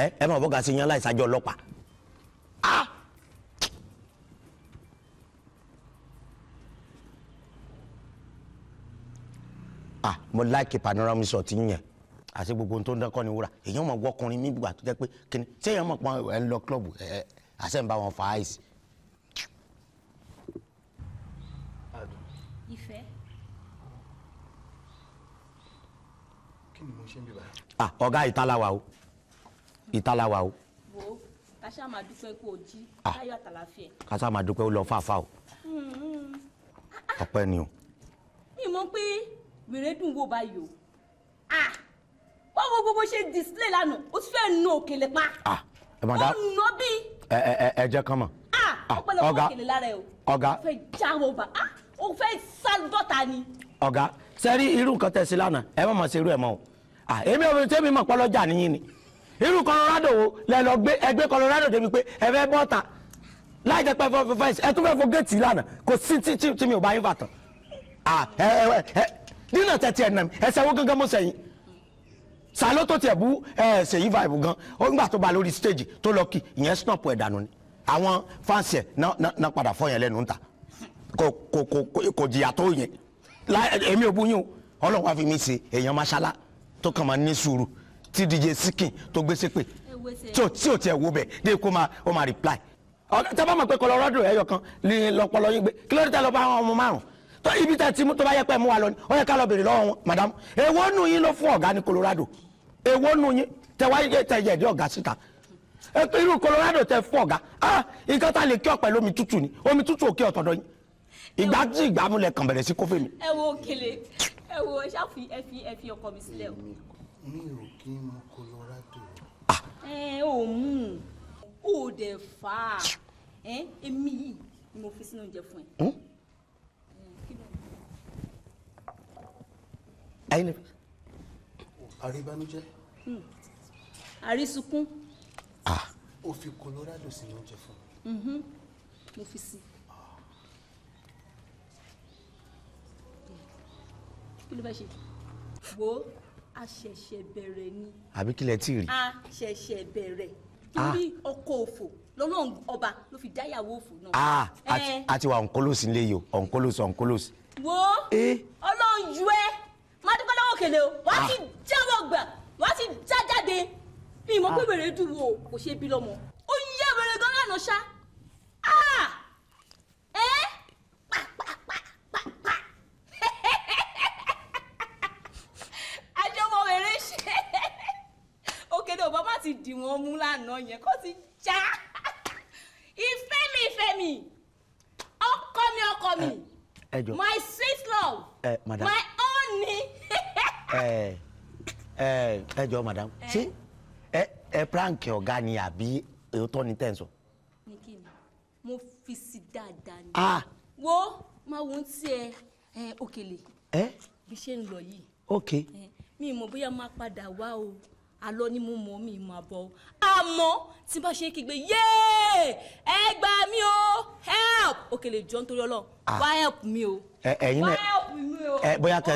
ẹ ẹ mọ̀ bọ́gà sí yan láì sájọ́ ọlọ́pàá ah ah mo like panorama sọ ti yàn àti gbogbo tó ń dán kọ́ ni wúrà èèyàn mọ̀ wọkùnrin mi gbà tó jẹ́ pé kíni ṣé èèyàn mọ̀ pọ́n ẹ̀ ń lọ club ẹ̀ àṣẹ ń bá wọn fa ice. ìfẹ́. kí ni mo ṣe ń bí báyìí. ah ọ̀gá ìtàláwa o ìtàláwa o. wo kásá máa dúpẹ́ kó o jí láyọ̀ àtàlàfẹ́. kásá máa dúpẹ́ ó lọ fàáfàá o. Mm-hmm. ọpẹ́ ni o. mi mọ̀ pé wèrè dùn wò báyìí o ah wọ́n wo gbogbo ṣe display lánàá o ti fẹ́ nu òkèlè pa ah ẹ mọ̀ dá ó nà bí. ẹ ẹ ẹ jẹ́ kán ah ọ̀pọ̀lọpọ̀ òkèlè lára ẹ o ọ̀gá o fẹ́ já wọn bá ah o fẹ́ sá dọ́ta ni. ọ̀gá sẹ́rí irú nǹkan tẹ̀sí lánàá ẹ má mọ̀ sí irú ẹ̀ mọ́ o ah èmi ò tẹ́mi mọ̀ pọ́lọ́jà nìyí ni irú Colorado wo lẹ lọ gbé ẹgbẹ́ Colorado débi pé ẹ fẹ́ bọ́ta láì jẹ́ pé fọ́fọ́fọ́ ẹ tún fẹ́ fọ́ géètì lánàá kò sí tí mi ò bá yín fà ah ẹ nínà tẹ̀tẹ̀ ẹ̀nàm ẹsẹ̀ wo gángan mọ́ sẹ́yìn sàlọ́ tó tiẹ̀ bú ẹ̀ sèyí vibe gan ó ń tó ba lórí stage tó lọ kí ìyẹn snap ẹ̀ dànù ni àwọn fans ẹ̀ náà padà fọ́ yẹn lẹ́nu ta kò kò kò kò jìyà tó yẹn èmi ò bú yín o ọlọ́run wá fi mí ṣe èèyàn mashallah tó kàn máa ní sùúrù tí DJ Sikin tó gbé ṣépè tí ò tí ò tiẹ̀ wo bẹ̀ dé kó máa ó máa reply ọ̀gá tẹ́ bá mọ̀ pé Colorado ẹ̀yọ̀ kan ní lọ́pọ̀lọ́ yín gbé kí ló dé tẹ́ lọ bá àwọn ọmọ márùn-ún tó ibi tẹ ti mú tó bá yẹ pé mú wa lọ ni ó yẹ ká lọ bèrè lọ́wọ́ wọn madam èwo nu yín ló fún ọ̀gá ní Colorado èwo nu yín tẹ wáyé tẹ yẹ̀dí ọ̀gá síta irú Colorado tẹ fún ọ̀gá ah nǹkan tá lè kí ọ pẹ̀lú omi tútù ni omi tútù òkè ọ̀tọ̀dọ̀ yín ìgbà tí ìgbà múlẹ̀ kàn bẹ̀rẹ̀ sí kófẹ́ mi. ẹ wo kele ẹ wo ẹ ṣáà fi ẹ fi ẹ fi ọkọ mi sílẹ̀ o. mi ò kí n mu Colorado. Ah! ẹ ò mú o dẹ̀ fà á èmi yìí ni mo fi sínú oúnjẹ fún ẹ. Hm? ẹ̀yin ni. àríbánújẹ́. Hmm. àrísùnkún. Ah. o fi colorado sínú oúnjẹ fún mi. Mm-hmm. mo fi sí. kí ló bá ṣe wo a ṣẹ̀ṣẹ̀ bẹ̀rẹ̀ ni. àbí kí lẹ tí ì rí. a ṣẹ̀ṣẹ̀ bẹ̀rẹ̀ ah. torí ọkọ̀ òfò lọ́lọ́run ọba ló fi dáyàwó òfò náà. Ah, eh. a ti wà ọ̀nkólósì nílé yìí o ọ̀nkólósì wo eh? ọlọ́run ju ẹ́ máa dúpẹ́ lọ́wọ́ òkèlè o wàá ah. ti jáwọ́ gbà wàá ti já jáde mi mọ̀ pé ah. wèrè dùn wò kò ṣe bí lọ́mọ ó yẹ wèrè gan lánàá ṣá ẹ pàpàpàpà àjọmọ wèrè ṣe òkèlè ò bá má ti dì wọ́n mú lánàá yẹn kó ti já ìfẹ́ mi ìfẹ́ mi ọkọ mi ọkọ mi eh, my sweet love eh, my ni. Eh, eh, ẹ ẹ ẹ jọ madam eh. ṣé ẹ ẹ prank ọ̀gá ni àbí òótọ́ ni tẹ̀ ń sọ. ní kí ni mo fi si dáadáa ni. ah wo máa wo ti ẹ ẹ òkèlè. ẹ bí ṣe ń lọ yìí. ok. mi ì mọ̀ bóyá máa padà wá o àlọ́ ni mo mọ̀ mi mọ̀ àbọ̀ o àmọ́ tí bá ṣe kígbe yéè ẹ gbà mí o help òkèlè jọ nítorí Ọlọ́run ah. wá help mi o wá help mi o bóyá kẹ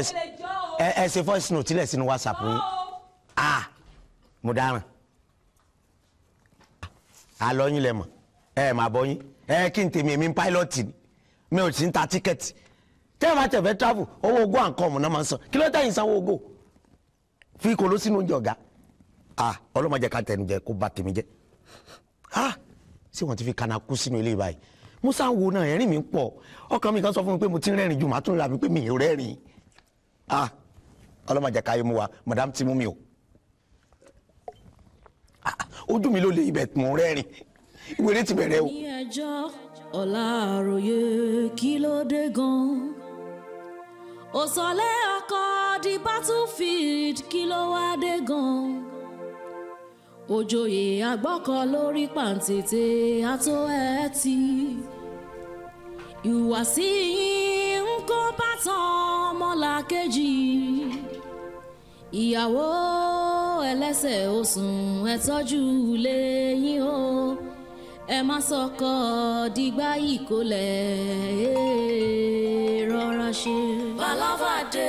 ẹ ṣe voice note tilẹ̀ sínú whatsapp yín ah mo dáràn àlọ́ yín lẹ mọ̀ ẹ mà bọ́ yín ẹ kí n tèmi èmi ń pilọ́tì ni mi ò sì ń ta tíkẹ́ẹ̀tì tẹ́ ẹ travel owó ogó à ń kọ́ ọ̀mù náà máa ń san kí ló tẹ̀yìn sanwó ogó fi kòló sínú oúnjẹ ọ̀gá ah ọlọ́mọdé ká tẹnu jẹ kó bá tèmi jẹ ah ṣé wọ́n ti fi kana kú sínú ilé báyìí musa wo náà ẹ̀rín mi ń pọ̀ ọkàn mi kan sọ fún mi pé mo ti ń rẹ́rìn màá tún ra mi pé mi ò rẹ́rìn ah ọlọ́mọdé ká yé mu wa madam ti mú mi o ah, ojú mi ló lè ibẹ̀ mò ń ìwéré ti bẹ̀rẹ̀ o. ọ̀la àròyé kí ló dé gan-an òsọ̀lẹ̀ ọkọ̀ di battlefield kí ló wá dé gan-an òjòyè àgbọ́kọ lórí pàǹtẹ̀tẹ̀ àtó ẹ̀ ti ìhùwàsí yín ń kó bàtàn ọmọlàkejì ìyàwó ẹlẹ́sẹ̀ osùn ẹ tọ́jú ilé yín o ẹ má sọkọ dìgbà ìkólẹ̀ rọra ṣe. balaba dé.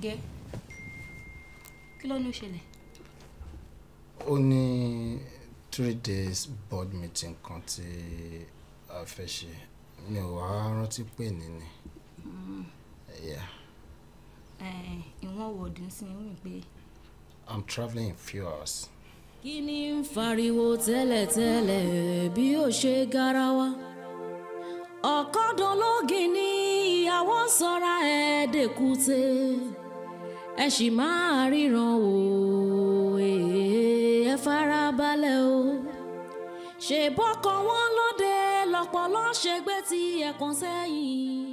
gé kí ló ní ó ó ní three days board meeting kan tí a fẹ́ ṣe mi ò wá rántí pé ní hmm. ìwọ̀n wọ̀dí ń sin wí pé. I'm travelling in few hours. kí ni ń fariwo tẹ́lẹ̀tẹ́lẹ̀ bí ó ṣe garawa ọ̀kọ́dọ̀lógin ni ìyàwó sọra ẹ̀ẹ́dẹ̀kùtẹ̀ ẹ sì máa ríran o ẹ farabalẹ̀ o ṣe bọ́kàn wọn lóde lọ́pọ̀lọ́ ṣe gbé ti ẹ̀kan sẹ́yìn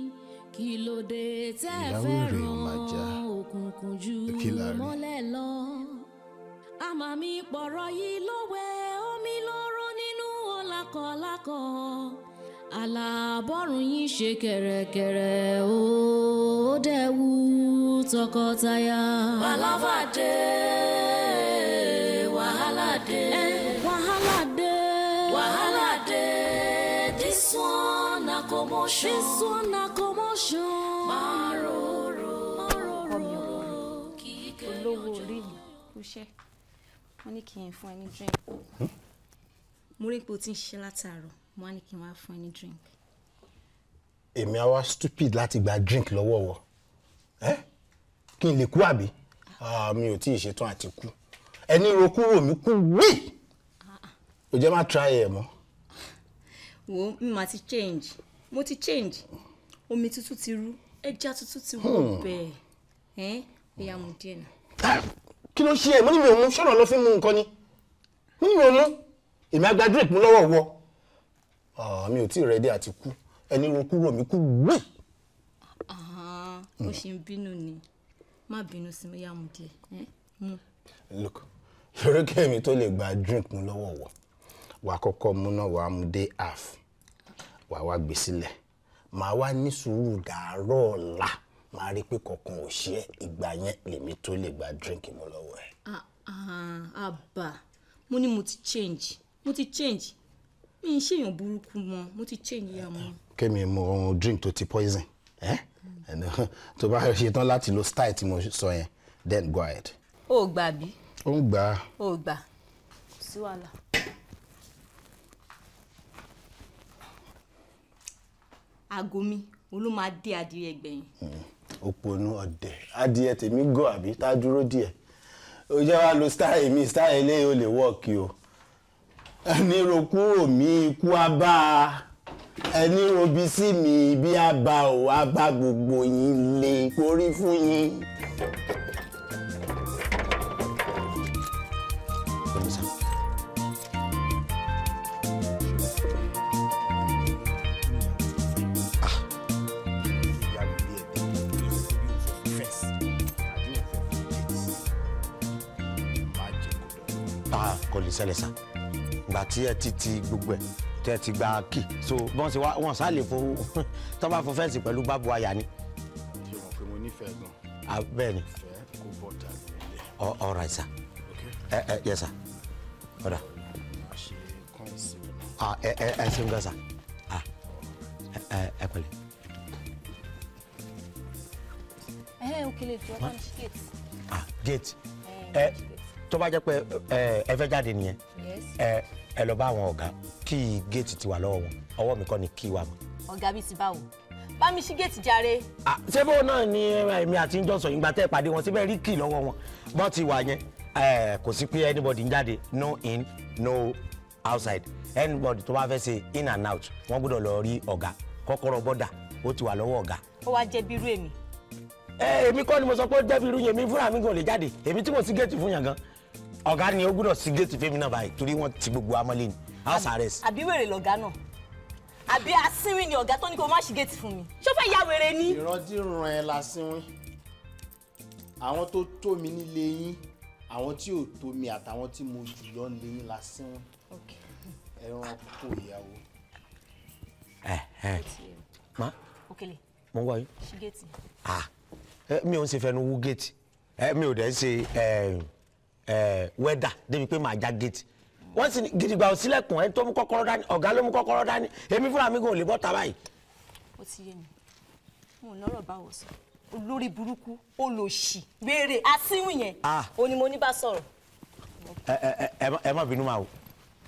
kí ló dé tẹ́ ẹ fẹ́ òkùnkùn ju mọ́lẹ̀ lọ àmà mi pọ̀rọ̀ yìí lówẹ̀ omi lóró nínú ọ̀làkọ̀ọ̀làkọ̀ọ̀ àlàbọ́rùn yín ṣe kẹ̀rẹ̀kẹ̀rẹ̀ ó dẹ́wù tọkọtaya. pàlàfà dé wàhálà dé. wàhálà dé. wàhálà dé this one na commotion. this one na commotion. márùrù márùrù kì í kéré ọjọ́. olówó orí mi kú iṣẹ́ wọ́n ní kí n fún ẹ ní drink. mo rí pé o ti ń ṣiṣẹ́ látàárọ̀ wọ́n á ní kí n wá fún ẹ ní drink. èmi àwa stupid láti gba drink lọ́wọ́ wọ ẹ́ kí n lè kú àbí ah. Ah, mi ò tí ì ṣetán àti kú ẹni ro kúrò mi kú wí ò ah. jẹ́ má try ẹ̀ mọ́. wo mi máa ti change mo ti change omi tútù ti rú ẹja tútù ti wọ hmm. bẹ́ẹ̀ ẹ́ ẹ̀yà mo díẹ̀ náà. kí ló ṣe ẹ mo ní mi ò mú sọ̀rọ̀ lọ fún mu nǹkan ni mo ní mi ò mú èmi àgbà drink mú lọ́wọ́ wọ. Ah, mi ò tí ì rẹ́dí àti kú ẹni ro kúrò mi kú gbé. o ṣì ń bínú ni má bínú sí mi yá mu look lórí kẹ́mi tó lè gba drink mu lọ́wọ́ wọ̀ wàá kọ́kọ́ mú náà wàá mu dé half wàá wá gbé sílẹ̀ màá wá ní sùúrù dàárọ̀ ọ̀la màá rí i pé kankan ò ṣe é ìgbà yẹn lèmi tó lè gba drink mu lọ́wọ́ ẹ̀. Ah, àbá mo ní mo ti change mo ti change mi ń ṣèyàn burúkú mọ́ mo ti change ya mọ́. kẹ́mi mu ohun drink tó ti poison ẹ́ tó bá ṣe tán láti lo style tí mo sọ yẹn then go ahead. o gbà bí. o ń gbà. o gbà kò sí wàhálà. aago mi olú máa dé adìyẹ gbẹ̀yìn. òpònú hmm. ọ̀dẹ̀ adìyẹ tèmi gọ̀ àbí tá a dúró díẹ̀ ó jẹ́ wá lo style mi style eléyìí ó lè wọ́ọ̀kì o ẹni ro kúrò ikú á ẹni robi sí mi bí a ò á gbogbo yín lè korí fún yín. ta ah, kò ìgbà tí ẹ ti ti gbogbo ẹ̀ tẹ́ ti gba kì so bọ́n ṣe wọ́n ṣáà lè fo tọ́ bá fo fẹ́ǹsì pẹ̀lú bábu aya ni. ṣé ni. fẹ́ kó all right sir. ẹ ẹ eh, eh, yes sir. ọ̀dà. a ṣe kàn sí mi. ẹ ẹ ẹ ṣeun gan sir. ẹ ah, eh, ẹ pẹ̀lẹ́. ẹ òkèlè gate. ah gate. ẹ tó bá jẹ́ pé ẹ fẹ́ jáde nìyẹn. yes ẹ lọ bá àwọn ọ̀gá kí géètì ti wà lọ́wọ́ wọn ọwọ́ mi kọ́ ni kí wà mọ́. ọ̀gá bíi ti báwo bá mi ṣí géètì jàre. ṣé bó náà ni eh, èmi àti njọ́sọ̀ ìgbà tẹ́ pàdé wọn síbẹ̀ rí kì lọ́wọ́ wọn bọ́n ti wà yẹn eh, kò sí pé anybody ń jáde no in no outside anybody tó bá fẹ́ ṣe in and out wọ́n gbọ́dọ̀ lọ rí ọ̀gá kọ́kọ́rọ́ bọ́dà ó ti wà lọ́wọ́ ọ̀gá. ó wá jẹ́ bírú èmi. Eh, èmi kọ́ ni mo sọ pé ó jẹ́ bírú yẹn mi fúnra mi gan lè jáde èmi tí mo ṣí géètì fún yàn gan ọ̀gá ni ó gbọ́dọ̀ sí géètì fẹ́mi náà báyìí torí wọ́n ti gbogbo amọ́lé ni house arrest. àbí wèrè lọ̀gá náà àbí asínwín ni ọ̀gá tó ní kó má ṣí géètì fún mi ṣó fẹ́ ya wèrè ni. ìrántí ràn ẹ́ la sínwín àwọn tó tó mi nílé yín àwọn tí ò tó mi àtàwọn tí mo jù lọ nílé yín la sínwín ẹran kò ìyàwó. ẹ eh, ẹ eh. ma mo ń wá yín. Ah. Eh, mi ò ń ṣe fẹnu wú géètì mi ò dẹ̀ ń ṣe wẹ́dà débi pé màá já gate wọ́n sì gidigba ò sílẹ̀kùn ẹni tó mú kọ́kọ́rọ́ dání ọ̀gá ló mú kọ́kọ́rọ́ dání èmi fúnra mi kò lè bọ́ ta báyìí. ó ti yé mi mo ò lọ́rọ̀ báwo sọ olórí burúkú olòṣì wèrè asíwìn yẹn òun ni mo ní bá sọ̀rọ̀. ẹ má bínú máa o.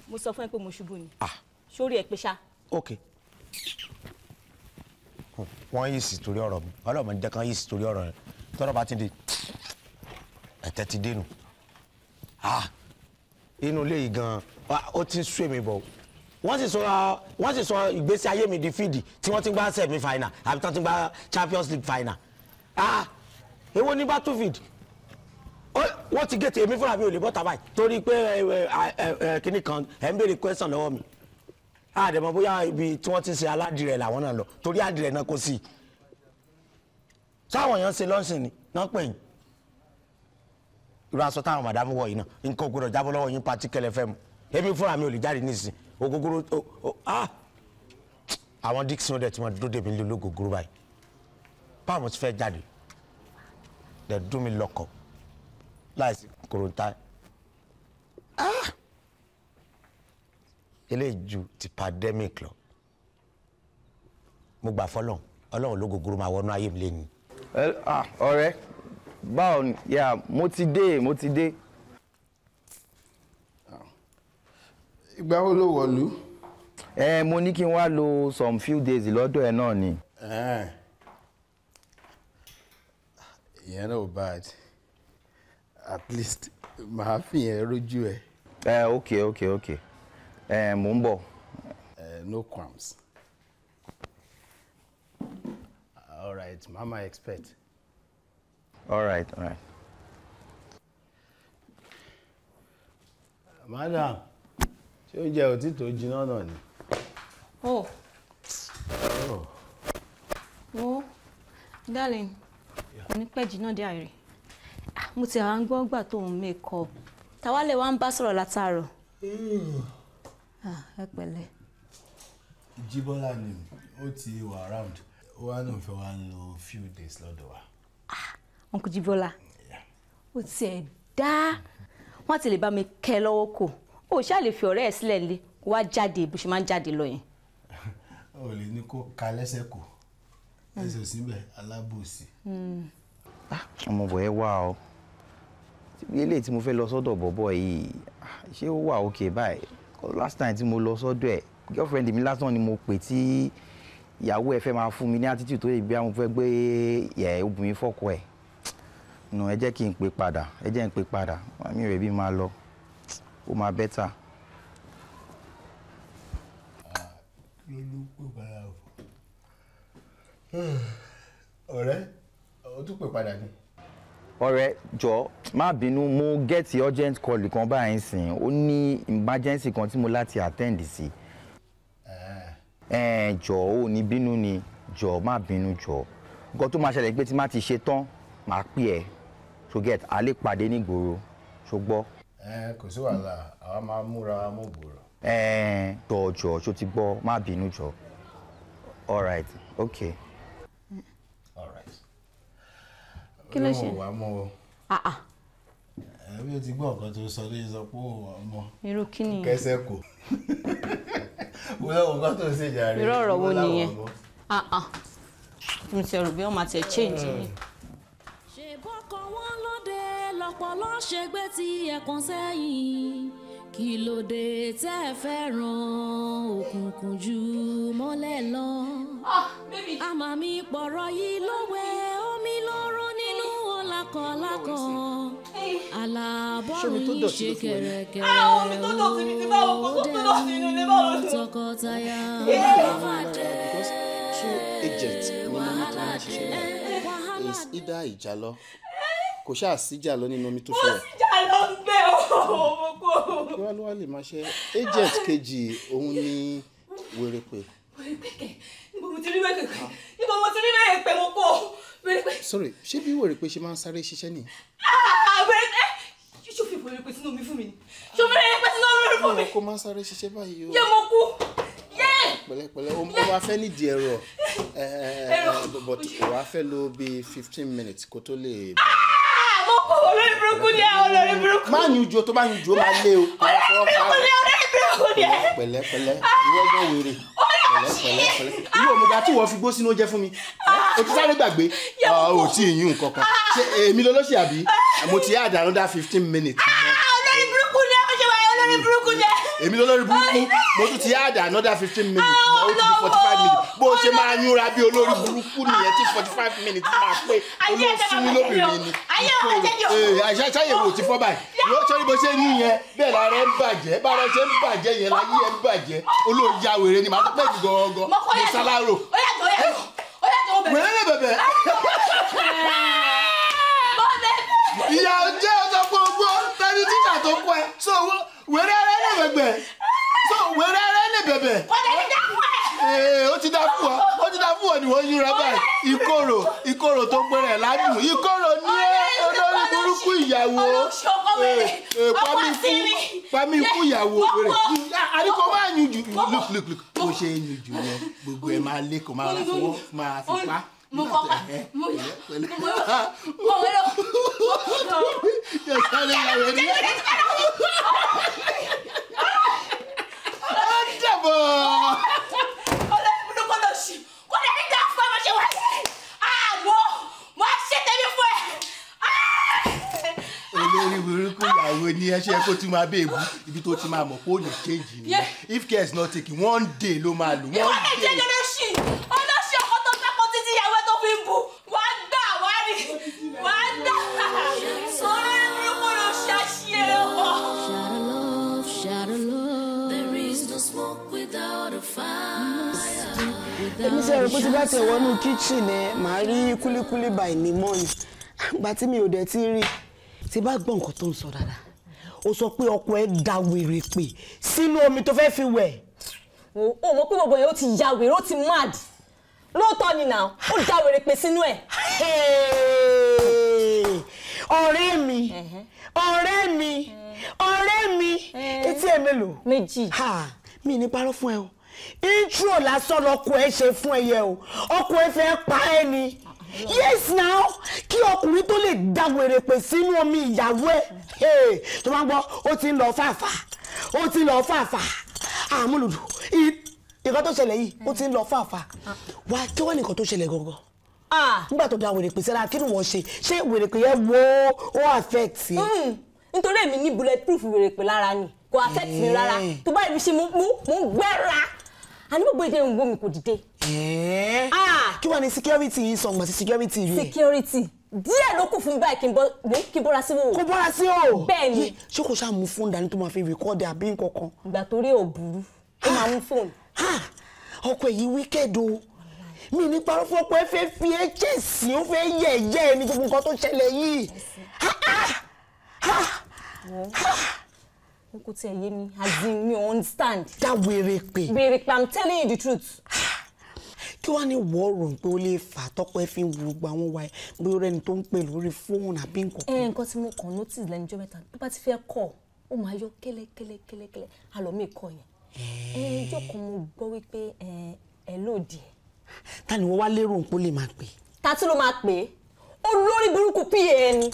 mo sọ fún ẹ pé mo ṣubú ni sórí ẹ pé ṣá. ok wọ́n yìí sì torí ọ̀rọ̀ mi ọlọ́mọdé kan yìí sì torí ọ̀rọ̀ rẹ̀ tọ́rọ̀ bá ti di ẹ̀tẹ́ ti dénú. Ah. inú ilé yìí gan ó ti ń sú èmi bọ̀ wọ́n sì sọ wọ́n sì ìgbésí ayé mi di fídì tí wọ́n ti ń gba semi final àbí tí wọ́n ti ń gba champions league final ah èwo ní battlefield wọ́n ti gé tèmi fúnra mi ò lè bọ́ tàbáyì torí pé kíní kan ẹ̀ ń béèrè question lọ́wọ́ mi àdèmọ̀ bóyá ibi tí wọ́n ti ṣe aládìrẹ̀ làwọn náà lọ torí àdìrẹ̀ náà kò sí sáwọn èèyàn ṣe lọ́sìn ni náà pè irú aṣọ táwọn màdàmú wọ yìí náà nǹkan ògbọ́dọ̀ jábọ́ lọ́wọ́ yín pati kẹlẹ fẹ́ mu èmi fúnra mi ò lè jáde nísìn ògógóró àwọn dixon ọdẹ tí wọn dúró débi nílò ògógóró báyìí báwọn ti fẹ́ jáde dẹ̀ dún mi lọ́kọ̀ láìsí kòròǹta eléyìí ti pandemic lọ mo gbà fọlọ́n ọlọ́run lógógóró máa wọnú ayé mi lẹ́nu. ọ̀rẹ́ báwo ni yà mo ti dé mo ti dé. ìgbà wo ló wọ̀lú. ẹ mo ní kí n wá lò some few days lọ́dọ̀ ẹ náà ni. ìyẹn náà ò bad at least màá fi yẹn rójú ẹ. ẹ ok ok ok ẹ mò ń bọ̀. no qualms. all right mama expect. All right, all right. Madam, ṣé oúnjẹ ò tí tó jiná náà ni? Oh. Oh. Oh, darling, kò ní pẹ́ jiná dé àìrè. Ah, mo ti àwọn gbọ́n tó ń make up. Tàwálẹ̀ wá ń bá sọ̀rọ̀ látàárọ̀. Hmm. Ah, ẹ pẹ̀lẹ́. Jíbọ́lá ni ó ti wà around. Ó wá náà fẹ́ wá lọ few days lọ́dọ̀ wa. uncle Jibola ó tiẹ̀ dá wọ́n ti lè bá mi kẹ́ lọ́wọ́ kò ó ṣáà lè fi ọ̀rẹ́ ẹ̀ sílẹ̀ nílé kó wá jáde bó ṣe máa ń jáde lọ yẹn. o lè ní kó ka lẹ́sẹ̀ kò ẹsẹ̀ síbẹ̀ alábòsí. Ah, ọmọ bọ̀ ẹ wá o eléyìí tí mo fẹ́ lọ sọ́dọ̀ bọ̀bọ̀ yìí ah, ṣé ó wà òkè báyìí last time tí mo lọ sọ́dọ̀ ẹ̀ girlfriend mi lásán ni mo pè tí ìyàwó ẹ fẹ́ máa fún mi ní attitude tó yẹ bí àwọn fẹ́ gbé obìnrin fọ́kọ ẹ̀ nù ẹ jẹ́ kí n pè padà ẹ jẹ́ n pè padà mi ò bí máa lọ ó máa bẹ́tà. lólu pè padà fún ọ̀rẹ́ ó tún pè padà ni. ọ̀rẹ́ jọ má bínú mo gẹ́ẹ̀tì urgent call kan báyìí sìn ó ní emergency kan tí mo láti attend sí. ẹ ah. ẹ jọ ò ní bínú ni jọ má bínú jọ nǹkan tó máa ṣẹlẹ̀ pé tí má ti ṣe tán màá pè ẹ́ to get alẹ́ pàdé nígboro ṣùgbọ́. kò sí wàhálà àwa máa múra mú gbòòrò. ẹ jọjọ ṣó ti gbọ́ má bínú jọ all right okay. all right. kí ló ṣe. olóhùn wa mú o. ah ah o ti gbọ́ nǹkan tó sọ lóye sọ ọmọ kẹsẹ̀ kò mo nǹkan tó ṣèjà rẹ̀ irú wo nìyẹn ah, ah. mo ti rò bí wọ́n máa tẹ̀ change ni. Hmm lọ́pọ̀lọ́ ṣe gbé ti ẹ̀kan sẹ́yìn kí ló dé tẹ́ ẹ fẹ́ràn òkùnkùn jù mọ́lẹ̀ lọ. àmà ah, mi pọ̀rọ̀ yìí lówẹ omi lóró nínú ọ̀làkọ̀ọ̀làkọ̀ alábọ́ọ̀rù yìí ṣe kẹ̀rẹ̀kẹ̀rẹ̀ ah, ó dẹ̀ tọkọtaya máa jẹ́ wàhálà jẹ́ wàhálà jẹ́ kò ṣáà síjà lọ nínú omi tó fẹ́. ó síjà lọ ń gbé ọmọ kó. kí wàá ló wá lè máa ṣe agent kejì òun ni wèrèpè. wèrèpè kẹ níbo mo ti rí wèrèpè níbo mo ti rí wèrèpè mo kó wèrèpè. sorry ṣé bí wèrèpè ṣe máa ń sáré ṣiṣẹ́ nìyí. Ah, wèrèpè ṣó fi wèrèpè sínú omi fún mi ni ṣó fi wèrèpè sínú omi fún mi. kó máa ń sáré ṣiṣẹ́ báyìí o. yẹ mo kú pẹ̀lẹ́pẹ̀lẹ́ o wa fẹ́ nídìí ẹ̀rọ eh, eh, eh, but o wa fẹ́ lò bí fifteen minutes kó tó lè bá olórí burúkú ni ẹ olórí burúkú. má ní ojú o tó bá ní ojú o máa lé o. olórí burúkú ni olórí burúkú ni ẹ. pẹ̀lẹ́ pẹ̀lẹ́ ìwọ gbọ wèrè pẹ̀lẹ́ pẹ̀lẹ́ ìwé òmùgá tí wọ́n fi gbó sínú oúnjẹ fún mi o ti sáré gbàgbé ah, o tí ì yún nǹkan kan ṣe èmi ló lọ́sẹ̀ àbí ah. mo ti add another fifteen minutes. olórí ah, burúkú ni ọmọ ṣe wáyé olórí burúkú ni. èmi ló lórí burúkú mo tún ti add another fifteen minutes mo tún di forty five minutes bó ṣe máa yúnra bí olórí burúkú nìyẹn tí forty five minutes máa pé olóṣùn lóbìnrin ni ìkòrò àṣàṣàyẹ̀wò ti fọ́ báyìí lóṣòrí bó ṣe yún yẹn bẹ́ẹ̀ la rẹ̀ ń bàjẹ́ bára ṣe ń bàjẹ́ yẹn la yí ẹ̀ ń bàjẹ́ olórí ya wèrè ni màá tó pẹ́ẹ́jù gọ́gọ́ mo sálárò wèrè bẹ̀bẹ̀ ìyá ọjọ́ ọjọ́ fún ogún tẹ́lí tíjà tó kọ́ ẹ so wèrè rẹ̀ lè bẹ̀bẹ̀ so wèrè rẹ̀ lè bẹ̀bẹ̀. kọ́ni ẹni dá fún ẹ. Eh, ó ti dá fún ọ ó ti dá fún ọ ni wọ́n yúra báyìí ìkorò ìkorò tó gbẹrẹ ládùn ìkorò ní olórí burúkú ìyàwó eh, eh, pami fún pami fún ìyàwó rẹ àríkò máa yún jù look look look bó ṣe ń yún jù lọ gbogbo ẹ máa lé kò máa ra fọwọ́ máa fi pa mo kọ́kọ́ mo yà mo mo wẹ́rọ mo kọ́kọ́. ó dàbọ̀ olóṣì kó lè ní dá fún ẹ mo ṣe wá sí àgbo mo á ṣe tèmi fún olórí burúkú ìyàwó ni ẹ ṣe kó tún máa bẹ ègbú ibi tó ti máa mọ̀ pé ó lè change ni if care is not taken one day ló máa lò one day. ìwọ lè jẹ́ lọ́dọ̀ sí i. èmi ṣe rò pé tí bá tẹ̀ wọnú kíchìn ẹ màá rí kúlíkúlí by ní mọ́ni àgbà tí mi ò dẹ̀ ti rí tí bá gbọ́ nǹkan tó ń sọ dáadáa ó sọ pé ọkọ ẹ da wèrè pè sínú omi tó fẹ́ẹ́ fi wẹ̀. o mọ̀ pé gbogbo yẹn ó ti ya wèrè ó ti mad lóòótọ́ ni nà ó da wèrè pè sínú ẹ̀. ọ̀rẹ́ mi ọ̀rẹ́ mi ọ̀rẹ́ mi etí ẹ̀ mélòó. méjì. mi ní parọ́ fún ẹ o intro lásán lọkọ ẹ ṣe fún ẹyẹ o ọkọ ẹ fẹ́ pa ẹ ni yes now kí ọkùnrin tó lè dáwèrè pè sínú omi ìyàwó ẹ tó máa ń gbọ́ ó ti ń lọ fàáfà ó ti ń lọ fàáfà àmúlùdù ah, nǹkan tó ṣẹlẹ̀ yìí ó ti ń lọ fàáfà wá kí wọ́n ní nǹkan tó ṣẹlẹ̀ gangan ah. nígbà tó da wèrèpè sára kí ni wọ́n ṣe ṣé wèrèpè yẹn wo ó affect ẹ. Hmm, nítorí èmi ní bulletproof wèrèpè lára ni kò affect mi rárá eh. tó bá ibi ṣe mo ń gbẹ́ra àní gbogbo ìdè ń wo mi kò dìde. Ah! kí wàá ní security yìí sọ gbọ̀nsẹ̀ security rẹ̀. security díẹ̀ ló kù fún mi báyìí kí n bọ́ra sí o. kó bọ́ra sí o. bẹ́ẹ̀ ni ṣé kò ṣáà mú fóònù dání tó máa fi rìkọ́ọ̀dì àbí nǹkan kan. ìgbà tó rí ò burú ó máa mú fóònù. ọkọ èyí wíkẹ́ẹ̀dì o mi ní parọ́ ẹ fẹ́ fi ẹ sí ó fẹ́ yẹ̀ ẹ ní gbogbo nǹkan tó ṣẹlẹ̀ yìí n kò tiẹ̀ yé mi as in mi ò understand. dá wèrè pé. wèrè pé i'm telling you the truth. kí wàá ní wọ́ọ̀rùn pé ó lè fà tọ́pẹ́ fi ń wo gba àwọn wáyé bí ó rẹni tó ń pè lórí fóònù àbí nǹkan. ẹ nǹkan tí mo kàn notice lẹ́nu jọ́ mẹ́ta bí bá ti fẹ́ kọ̀ ó máa yọ kẹ́lẹ́kẹ́lẹ́kẹ́lẹ́ àlọ́ mi kọ yẹn. ẹ ẹjọ́ kan mo gbọ́ wípé ẹ ẹ lòdì ẹ. ta ni wọ́n wá lérò ń pọ́ lè máa pè. ta tún ló máa pè é olórí burúkú pa ẹni.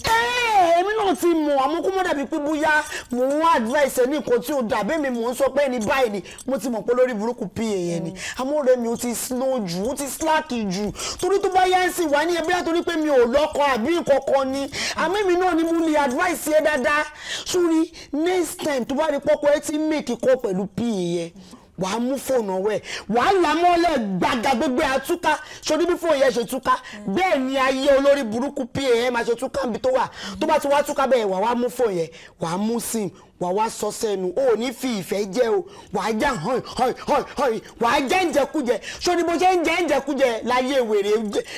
èmi náà ti mọ̀ àmọ́ kó mọ́ dàbí pé bóyá mò ń advice ẹ ní nǹkan tí ó dàbí mi mò ń sọ pé ẹni báyìí ni mo ti mọ̀ pé olórí burúkú pa ni. Hmm. àmọ́ ọ̀rẹ́ mi ó ti slow ju, ó ti slack jù torí tó bá yá ń sìn wá ní ẹbí àtọ́rí pé mi ò lọ́kọ àbí nǹkan kan ni àmọ́ èmi náà ni mo lè advice ẹ dáadáa sórí next time tó bá rí pọ́pọ́ ẹ ti make kọ́ pẹ̀lú pa ẹ wà á mú fóònù ọwọ́ ẹ̀ wà á là mọ́lẹ̀ gbàgà gbogbo àtúkà ṣorí bí fóònù yẹn ṣe túká bẹ́ẹ̀ ni ayé olórí burúkú pam máa ṣe túká tó wà tó bá ti wá túká bẹ́ẹ̀ wà á mú fóònù yẹn wà á mú sim wà á wá sọ sẹ́nu o ò ní fi ìfẹ́ jẹ́ o wà á já hàn hàn hàn hàn wà á jẹ́ ǹjẹkújẹ ṣorí bó ṣe ń jẹ́ ǹjẹkújẹ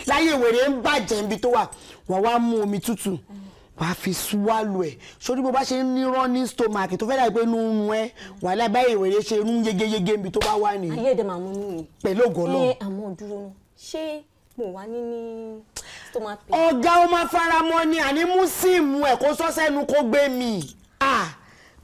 láyé wèrè ń bàjẹ́ níbi tó wà wà á wá mú omi tútù. Mm -hmm wàá fi swallow ẹ sórí bó bá ṣe ń ní running stomach tó fẹ́ dà pé inú ń ẹ wà láì báyìí ìrèlè ṣe ń yegeyege níbi tó bá wà ní. ayé ẹ̀dẹ̀ màá mú mi. pẹ̀lú ògọ́lọ́. ẹ àmọ́ dúró náà ṣé mo wà ní ní stomach pain. ọ̀gá ó máa fara mọ́ ni àní músíìmù ẹ̀ kó sọ́ sẹ́nu kó gbé mi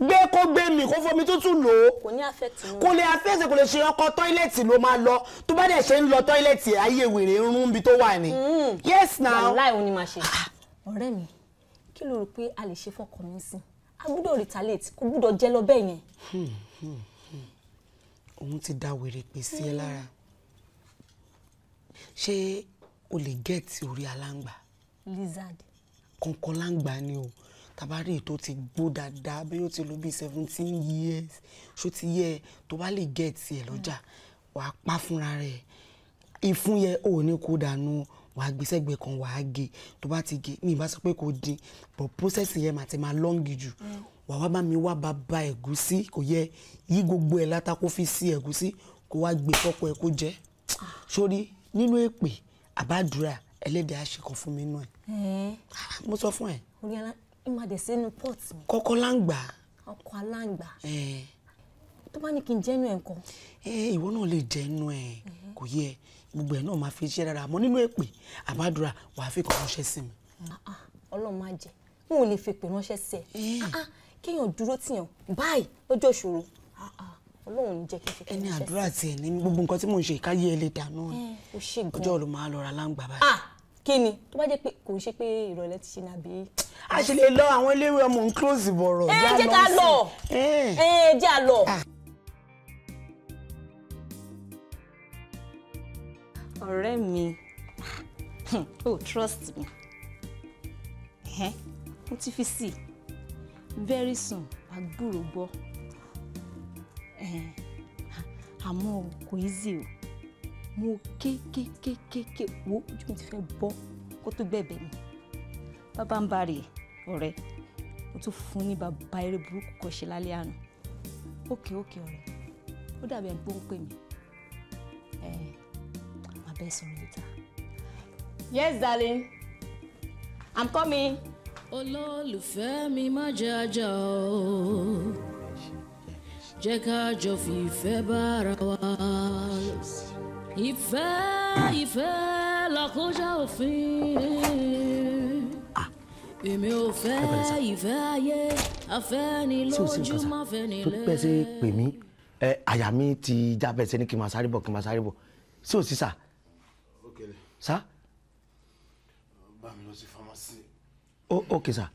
gbé kó gbé mi kó fomi tútù lò ó kò ní affect kò lè affect kò lè ṣe ọkọ tọ́ílẹ̀tì ló máa lọ tó bá dẹ̀ ṣe ń lọ tọ́ílẹ̀tì ayé wèrè ń rún bí tó wà ní. Mm. yes now. wàhálà ìhun ni màá ṣe ah. ọ̀rẹ́ mi kí ló rò pé a lè ṣe fọkọ mi sí a gbúdọ̀ retaliate kò gbúdọ̀ jẹ́ lọ bẹ́ẹ̀ yẹn. Hmm, hmm, hmm. òun ti da wèrè pè sí ẹ lára ṣé o lè gẹ́ẹ̀tì orí aláǹgbá. lizard. kọ̀ǹkọ̀ láǹgbá ni o tabari tó ti gbó dáadáa bí ó ti lò bíi seventeen years ṣó ti yẹ tó bá lè gẹ́ẹ̀tì ẹ lọ́jà wàá pa fúnra rẹ̀ ìfún yẹ òun ni dànù wàá gbé sẹ́gbẹ̀ẹ́ kan wàá gé tó bá ti gé mi ì bá sọ pé kò dín but process yẹn màá ti máa lọ́ngì jù wàá wá bá mi wá bàbá ẹ̀gúsí kò yẹ yí gbogbo ẹ̀ láta kó fi sí ẹ̀gúsí kó wá gbé fọ́pọ̀ ẹ̀ kó jẹ́ sórí nínú èpè àbádùrà ẹlẹ́dàá àṣekọ̀ fún mi nù ẹ̀ ah, mo sọ fún ẹ. orí ala ìmàdé sínú pot mi. kọ́kọ́ láǹgbà. ọkọ̀ aláǹgbà. tó bá ní kí n jẹ́nu ẹ̀ nǹkan. ìwọ náà lè jẹ́nu ẹ̀ kò yẹ gbogbo ẹ̀ náà máa fi ṣe rárá àmọ́ nínú èpè àbádùrà wàá fi kàn ránṣẹ́ sí mi. Ah, ah, ọlọ́run máa jẹ mo ò lè fèpè ránṣẹ́ sí ẹ ah, kéèyàn dúró tìyàn báyìí lọ́jọ́ ìṣòro ọlọ́run ń jẹ́ kí n fèpè ránṣẹ́ sí ẹ. ẹni àdúrà tiẹ̀ ní gbogbo nǹkan tí mò ń ṣe ìkáyé ẹ lè dànù eh, ọjọ́ ló máa lọ láǹgbà báyìí kí ni tó bá jẹ́ pé kò ń ṣe pé ìrọ̀lẹ́ ti ṣe ní àbí. a ṣe lè lọ àwọn eléwé ọmọ n close bọ̀rọ̀. Eh, eh. ẹ jẹ́ ká lọ ẹ jẹ́ ká lọ. ọ̀rẹ́ mi oh trust me mo ti fi sí very soon àgbúrò gbọ́ àmọ́ kò easy o mo kékékékéké wo ojú mi ti fẹ́ bọ́ kó tó gbẹ̀bẹ̀ mi bàbá ń bari ọ̀rẹ́ mo tún fún ní bàbá eré burúkú kan ṣe lálẹ́ àná òkè òkè ọ̀rẹ́ ó dàbí ẹ̀gbọ́n pè mí best later. Yes, darling. I'm coming. Olólùfẹ́ mi má jẹ́ ajá o. Jẹ́ ká jọ fi ìfẹ́ bára wa. Ìfẹ́ ò fẹ́ ìfẹ́ ayé afẹ́nilójú má fẹ́ nílé. Tó pẹ́ sí pè àyà mi ti já sẹ́ni kí n máa sáré bọ̀ kí n máa sáré bọ̀. Sí ò sí sa bá mi lọ sí pharmacy. ó ok sa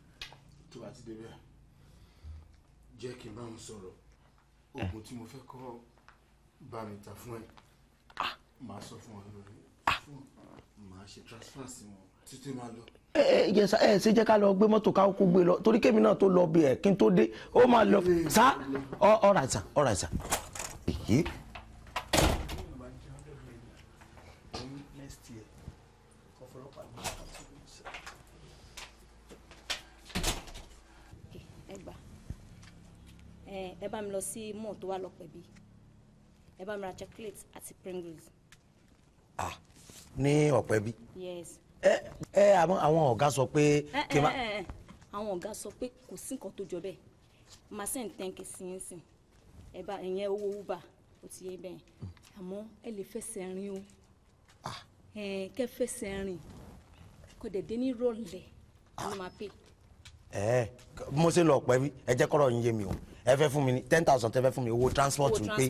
tó bá ti débẹ̀ jẹ́ kí n bá wọn sọ̀rọ̀ oògùn tí mo fẹ́ kọ́ bá mi ta fún ẹ ah. máa sọ fún ọ lórí ah. máa ṣe transfer sí wọn títí máa lọ. ẹ ẹ yẹ sá ẹ ṣe jẹ́ ká lọ gbé mọ́tò ká kó gbé lọ torí kémi náà tó lọ bí ẹ kí n tó dé ó máa lọ sá all right sá all right sá. sí mọ̀ tó wà lọ́pẹ̀bí ẹ bá mi ra chocolate àti pringles. ah ní ọ̀pẹ̀bí. yes. ẹ ẹ àwọn ọ̀gá sọ pé. kí n má. àwọn ọ̀gá sọ pé kò sí nǹkan tó jọ bẹ́ẹ̀ máa sẹ́ǹ tẹ́ǹkì sí ń sìn ẹ bá ìyẹn owó uber ó ti yé bẹ́ẹ̀ àmọ́ ẹ lè fẹsẹ̀ rìn o kẹ́ fẹsẹ̀ rìn kò dẹ̀ dé ní rọ̀lẹ́ ló máa pè. ẹ mo ṣe lọ pẹ́ bí ẹ jẹ́ kọ́rọ̀ yín yé mi o ẹ fẹ́ fún mi ní ten thousand tẹ́ fẹ́ fún mi owó transport mi pé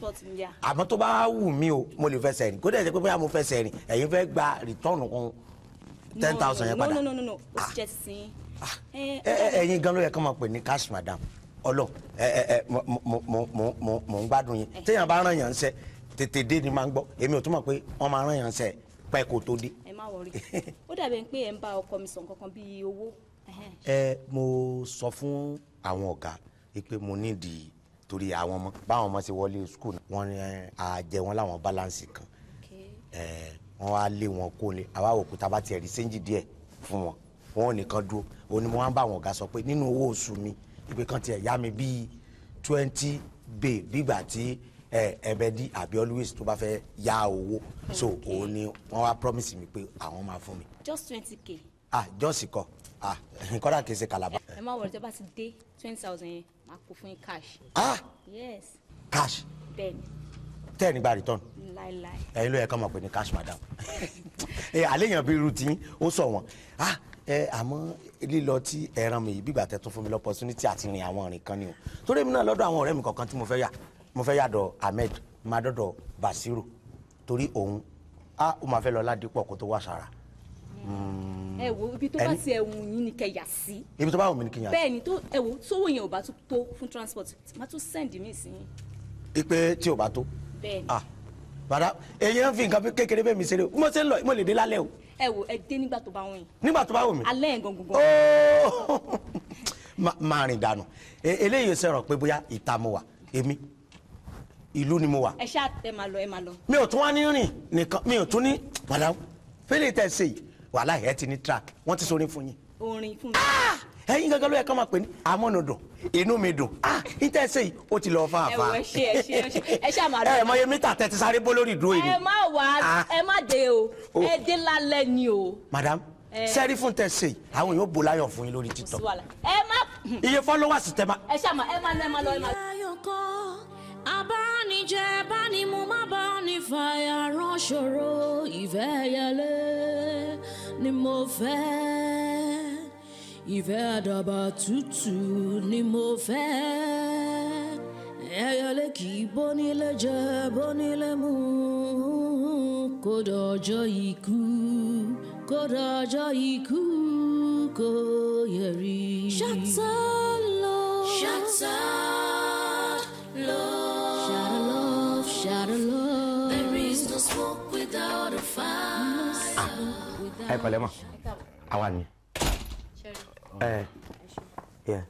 àmọ́ tó bá wù mí o mo lè fẹsẹ̀ rìn kó dẹ̀ jẹ́ pé bóyá mo fẹsẹ̀ rìn ẹ̀yin fẹ́ gba return ten thousand yẹn padà no no no no ah. o ti jẹ sin. Ah. Eh, eh, eh, ẹ̀yin gan yẹ kó máa pè ní cash madam ọlọ ẹ ẹ ẹ mò ń gbádùn yín téèyàn bá ràn yàn sẹ tètè dé ni máa ń gbọ́ èmi ò tún mọ̀ pé wọ́n máa ràn yàn sẹ́ pẹ́ kó tó dé. ẹ má wọrí ó dàbí pé ẹ ń bá ọkọ mi sọ nǹkan kan bíi owó. ẹ mo sọ fún àwọn ọ̀gá pé mo nídìí torí àwọn ọmọ báwọn ọmọ ṣe wọlé skul wọn ni àjẹ eh, wọn láwọn balance kan eh, wọn wá lé wọn kó lé àwa òkúta bá tiẹ̀ rí séńjì díẹ̀ fún wọn wọn nìkan dúró òní mo wá ń bá àwọn ọ̀gá sọ pé nínú owó oṣù mi ìpè kan tiẹ̀ yá mi bíi twenty bay bígbà tí ẹbẹ eh, dí àbí always tó bá fẹ́ yá owó so òun ni wọ́n wá promise mi pé àwọn máa fún mi. just twenty k. ah just kọ ah nkọ́dà kì í ṣe kalaba. ẹ má wọlé tó bá ti dé twenty thousand yẹn máa cash. ah yes. cash. bẹ́ẹ̀ni. tẹ́ẹ̀ni gba return. láíláí. ẹ̀yin ló yẹ ká mọ̀ pé ní cash madam. ẹ àléyàn bíi routine ó sọ wọn ah ẹ àmọ́ lílọ tí ẹran mi yìí bí gbàtẹ́ tó fún mi l'opportunity àti rìn àwọn ìrìn kan ni o torí mi náà lọ́dọ̀ àwọn ọ̀rẹ́ mi kọ̀ọ̀kan tí mo fẹ́ yà mo fẹ́ yàdọ̀ Ahmed madodo Basiru torí òun ah ó máa fẹ́ lọ ládìpọ̀ kó tó wá sára Mm. ẹ wo ibi tó bá ti ẹ̀wùn yín ni kẹ̀yà sí. ibi tó bá wùn mí ni kẹ̀yà sí. bẹ́ẹ̀ni tó ẹ wo sówó yẹn ò bá tó fún transport má tó send mi sí ipe tí ò bá tó. bẹ́ẹ̀ni. ah bàdá èyí ń fi nǹkan kékeré bẹ́ẹ̀ mi ṣeré o mo ṣe ń lọ mo lè dé lálẹ́ o. ẹ wo ẹ dé nígbà tó bá wùn nígbà tó bá wùn alẹ́ yẹn gangan. Oh! máa rìn dànù e, eléyìí sọ̀rọ̀ pé bóyá ìta mo wà èmi ìlú ni mo wà. ẹ ṣáà ẹ máa lọ ẹ máa lọ. mi ò tún wá ní rìn nìkan mi ò tún ní bàdá fẹ́lẹ̀ tẹ̀ ṣe yìí wàhálà ẹ ti ní track wọ́n ti sọrin fún yín. orin fún mi. Ah! ẹyin gangan ló yẹ ká máa pè ní amọ́nà dùn inú mi dùn ah! níta ẹsẹ̀ yìí ó ti lọ fa àfa. ẹ ṣe ẹ ṣe ẹ ṣe ẹ ṣe àmàlà. ẹ mọ mítà tẹ ti sáré bó lórí ìdúró yìí. ẹ má wá ah! ẹ má dé o oh. ẹ dé lálẹ́ ni o. madam sẹ́rí fún tẹ̀sí àwọn yóò bò láyọ̀ fún yín lórí títọ́. ẹ má. iye followers tẹ ma. ẹ ṣe àmà ẹ má lọ ẹ má lọ ẹ má lọ abánijẹ́ bánimu má bá ní fàyà ránṣòro ìfẹ́ yẹlé ni mo fẹ́ ìfẹ́ àdàbà tútù ni mo fẹ́ ẹyọlé kì í bónílé jẹ bónílé mu kó dọjọ́ ikú kó dọjọ́ ikú kó yẹrí. Shattered, Lord. Shattered, Lord without a love. There is no smoke ah. eh. ah, eh, eh, ẹ pẹ̀lẹ́ mọ àwa ni ẹ yẹ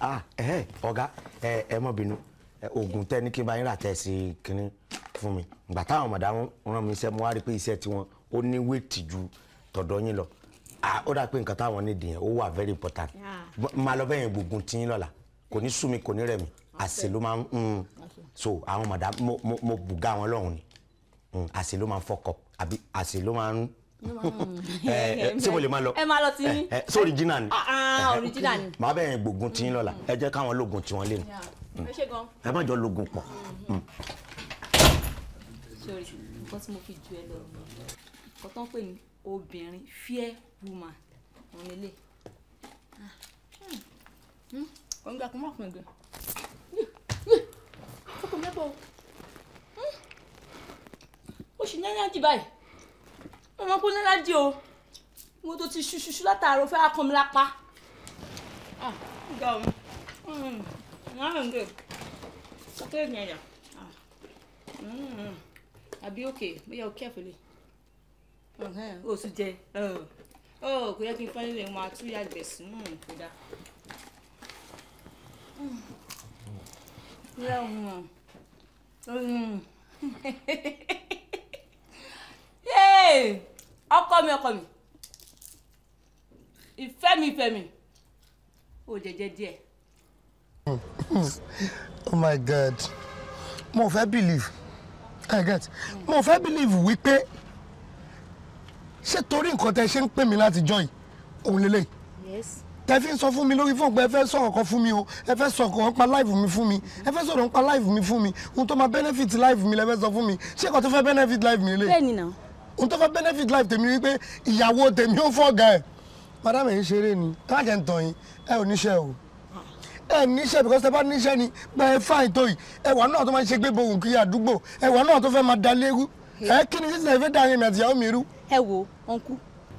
ah ẹ ọ̀gá ẹ ẹ mọ bínú oògùn tẹ ní kí n bá yín rà tẹ sí kínní fún mi ìgbà táwọn màdàmú rán mi iṣẹ́ mo wá rí pé iṣẹ́ tiwọn ó ní wéètì ju tọ̀dọ̀ yín lọ ah, ó dà pé nǹkan táwọn nídìí yẹn ó wà very important máa lọ bẹ́yẹn gbogbo tí yín lọ́la kò ní sú mi kò ní rẹ̀ mi. Ah, àṣẹ ló máa ń mm. so àwọn mọ̀dá mo bùgá wọn lọ́hùn ni mm, àṣẹ ló máa ń fọkọ àbí àṣẹ ló máa ń eh, eh, ṣé mo lè máa lọ ẹ máa lọ tí yín eh, ṣé original ni ah, ah, original ni màá bẹ̀rẹ̀ gbógun tí yín lọ́la mm. ẹ jẹ́ káwọn lógun tí wọ́n lé nu ẹ má jọ lógun pọ̀. sori nǹkan tí mo fi ju ẹ lọ nǹkan tó ń pè ní obìnrin fair woman òun lè lè. 我们家公妈很乖。kókò mẹ́bọ̀ o ṣì ní ẹ̀yájì báyìí ọmọ kó ní ẹ̀yájì o mo tó ti shu, ṣuṣu látàárọ̀ fẹ́ akọ mi lápá. ǹjẹ́ o máa ń gè sọ́kẹ́ ìyẹn yà àbí òkè bóyá o kẹ́ fìlẹ̀ oh, sì jẹ ọ kò yẹ kí n fọ́n nílé wọn àtúnyàgbẹ̀sí kò dáa ọkọ mi ọkọ mi ìfẹ́ mi ìfẹ́ mi ò jẹjẹ díẹ̀. oh my god mo fẹ́ believe i get mo fẹ́ believe wípé ṣé torí nǹkan tẹ ṣe ń pè mí látijọ́ yìí òun lélẹ́yìí. yes tẹ́fí ń sọ fún mi lórí fún ọ̀pẹ ẹ fẹ́ sọ̀rọ̀ kan fún mi o ẹ fẹ́ sọ̀rọ̀ nípa live mi fún mi ẹ fẹ́ sọ̀rọ̀ nípa live mi fún mi ohun tó máa benefit live mi lẹ fẹ́ sọ fún mi ṣé kò tó fẹ́ benefit live mi lè. bẹ́ẹ̀ni náà. ohun tó fẹ́ benefit live tèmi wípé ìyàwó tèmi ó fọ́ọ̀gà ẹ̀ madam ẹ̀ ń ṣeré ni káàkẹ́ ń tàn yín ẹ ò níṣẹ́ o ẹ níṣẹ́ because ẹ bá níṣẹ́ ni bẹ́ẹ̀ fáìn tó yìí ẹwà náà tó máa ń ṣe gbé bohùn kiri àdúgbò ẹwà náà ni sísè fẹ́ da yẹn mi àtìyàwó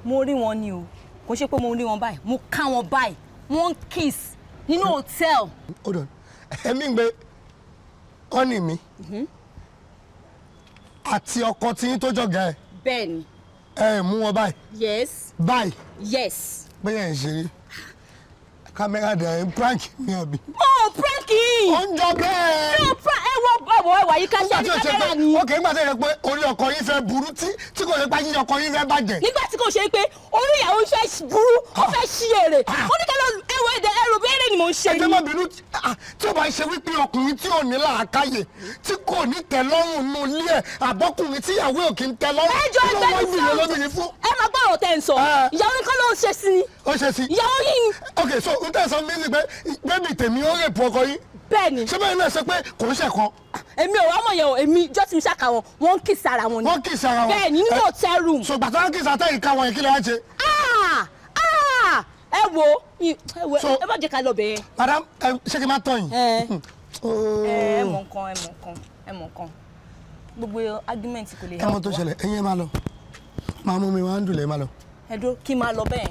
mi kò ṣe pé mo rí wọn báyìí mo ká wọn báyìí wọ́n kiss nínú hotel. hold on ẹ̀mí gbé ọ́nì mi mhm. àti ọkọ tí yín tó jọ̀gá ẹ̀. bẹ́ẹ̀ni. ẹ mú wọn báyìí. yes. báyìí. yes. bẹ́ẹ̀ ń ṣeré kámẹ́rà dẹ̀ prank mi àbí. ó oh, prank yìí. ó ń jọ bẹ́ẹ̀. yóò pra ẹ wọ ọwọ́ ẹwà yìí ká ṣe ní kámẹ́rà ni. ó kì í gbà tó yẹ pé orí ọkọ yín fẹ́ burú tí tí kò ṣe pé yín ọkọ yín fẹ́ bàjẹ́. nígbà tí kò ṣe pé orí ìyàwó fẹ́ burú ó ah. fẹ́ ṣí èrè oníkẹ́lẹ́ ẹrù ẹ̀dẹ̀ ẹrù bẹ́ẹ̀rẹ̀ ni mò ń ṣe ni. ẹ jẹ́ má bínú ah, tí ó bá ṣe wípé ọkùnrin tí ò ní làákàyè tí kò ní tẹ́lọ́rùn nù ilé ẹ̀ àbọ́kùnrin tí ìyàwó ò kì í tẹ́lọ́rùn. ẹ jọ ẹgbẹ́ mi sọ ẹ máa gbọ́ ọ̀rọ̀ tẹ́ ń sọ ah. ìyàwó nìkan ló ń ṣe sí ni. ìyàwó yìí ni. ok so n tẹ́ sọ mí sí pé bébì tèmi ó rèpù ọkọ yìí. bẹ́ẹ̀ni. ṣé bẹ́ẹ̀ náà ṣe pé kò ń ṣẹ̀kan. èmi ò wá mọ̀ yẹn o èmi jọ́ ti ṣàkà wọn wọ́n ń kìsà ara wọn ni. wọ́n kìsà ara wọn. bẹ́ẹ̀ni nínú eh, hotel room. ṣùgbọ́n tí kìsà tẹ́ ìka wọn yẹn kí lè wá ṣe. Ah! ẹ wo ẹ má jẹ́ ká lọ bẹ̀ẹ́. madam ṣé kí n máa tọ́ yín. ẹ oh. mọ̀ nǹkan ẹ mọ̀ nǹkan ẹ mọ̀ nǹkan gbogbo argument kò lè yà wọ́n. ẹ mọ̀ tó ṣẹlẹ̀ ẹ̀yin ẹ máa lọ máa mú mi wá ń dùlẹ̀ ẹ máa lọ. ẹ dúró kí n máa lọ bẹ́ẹ̀.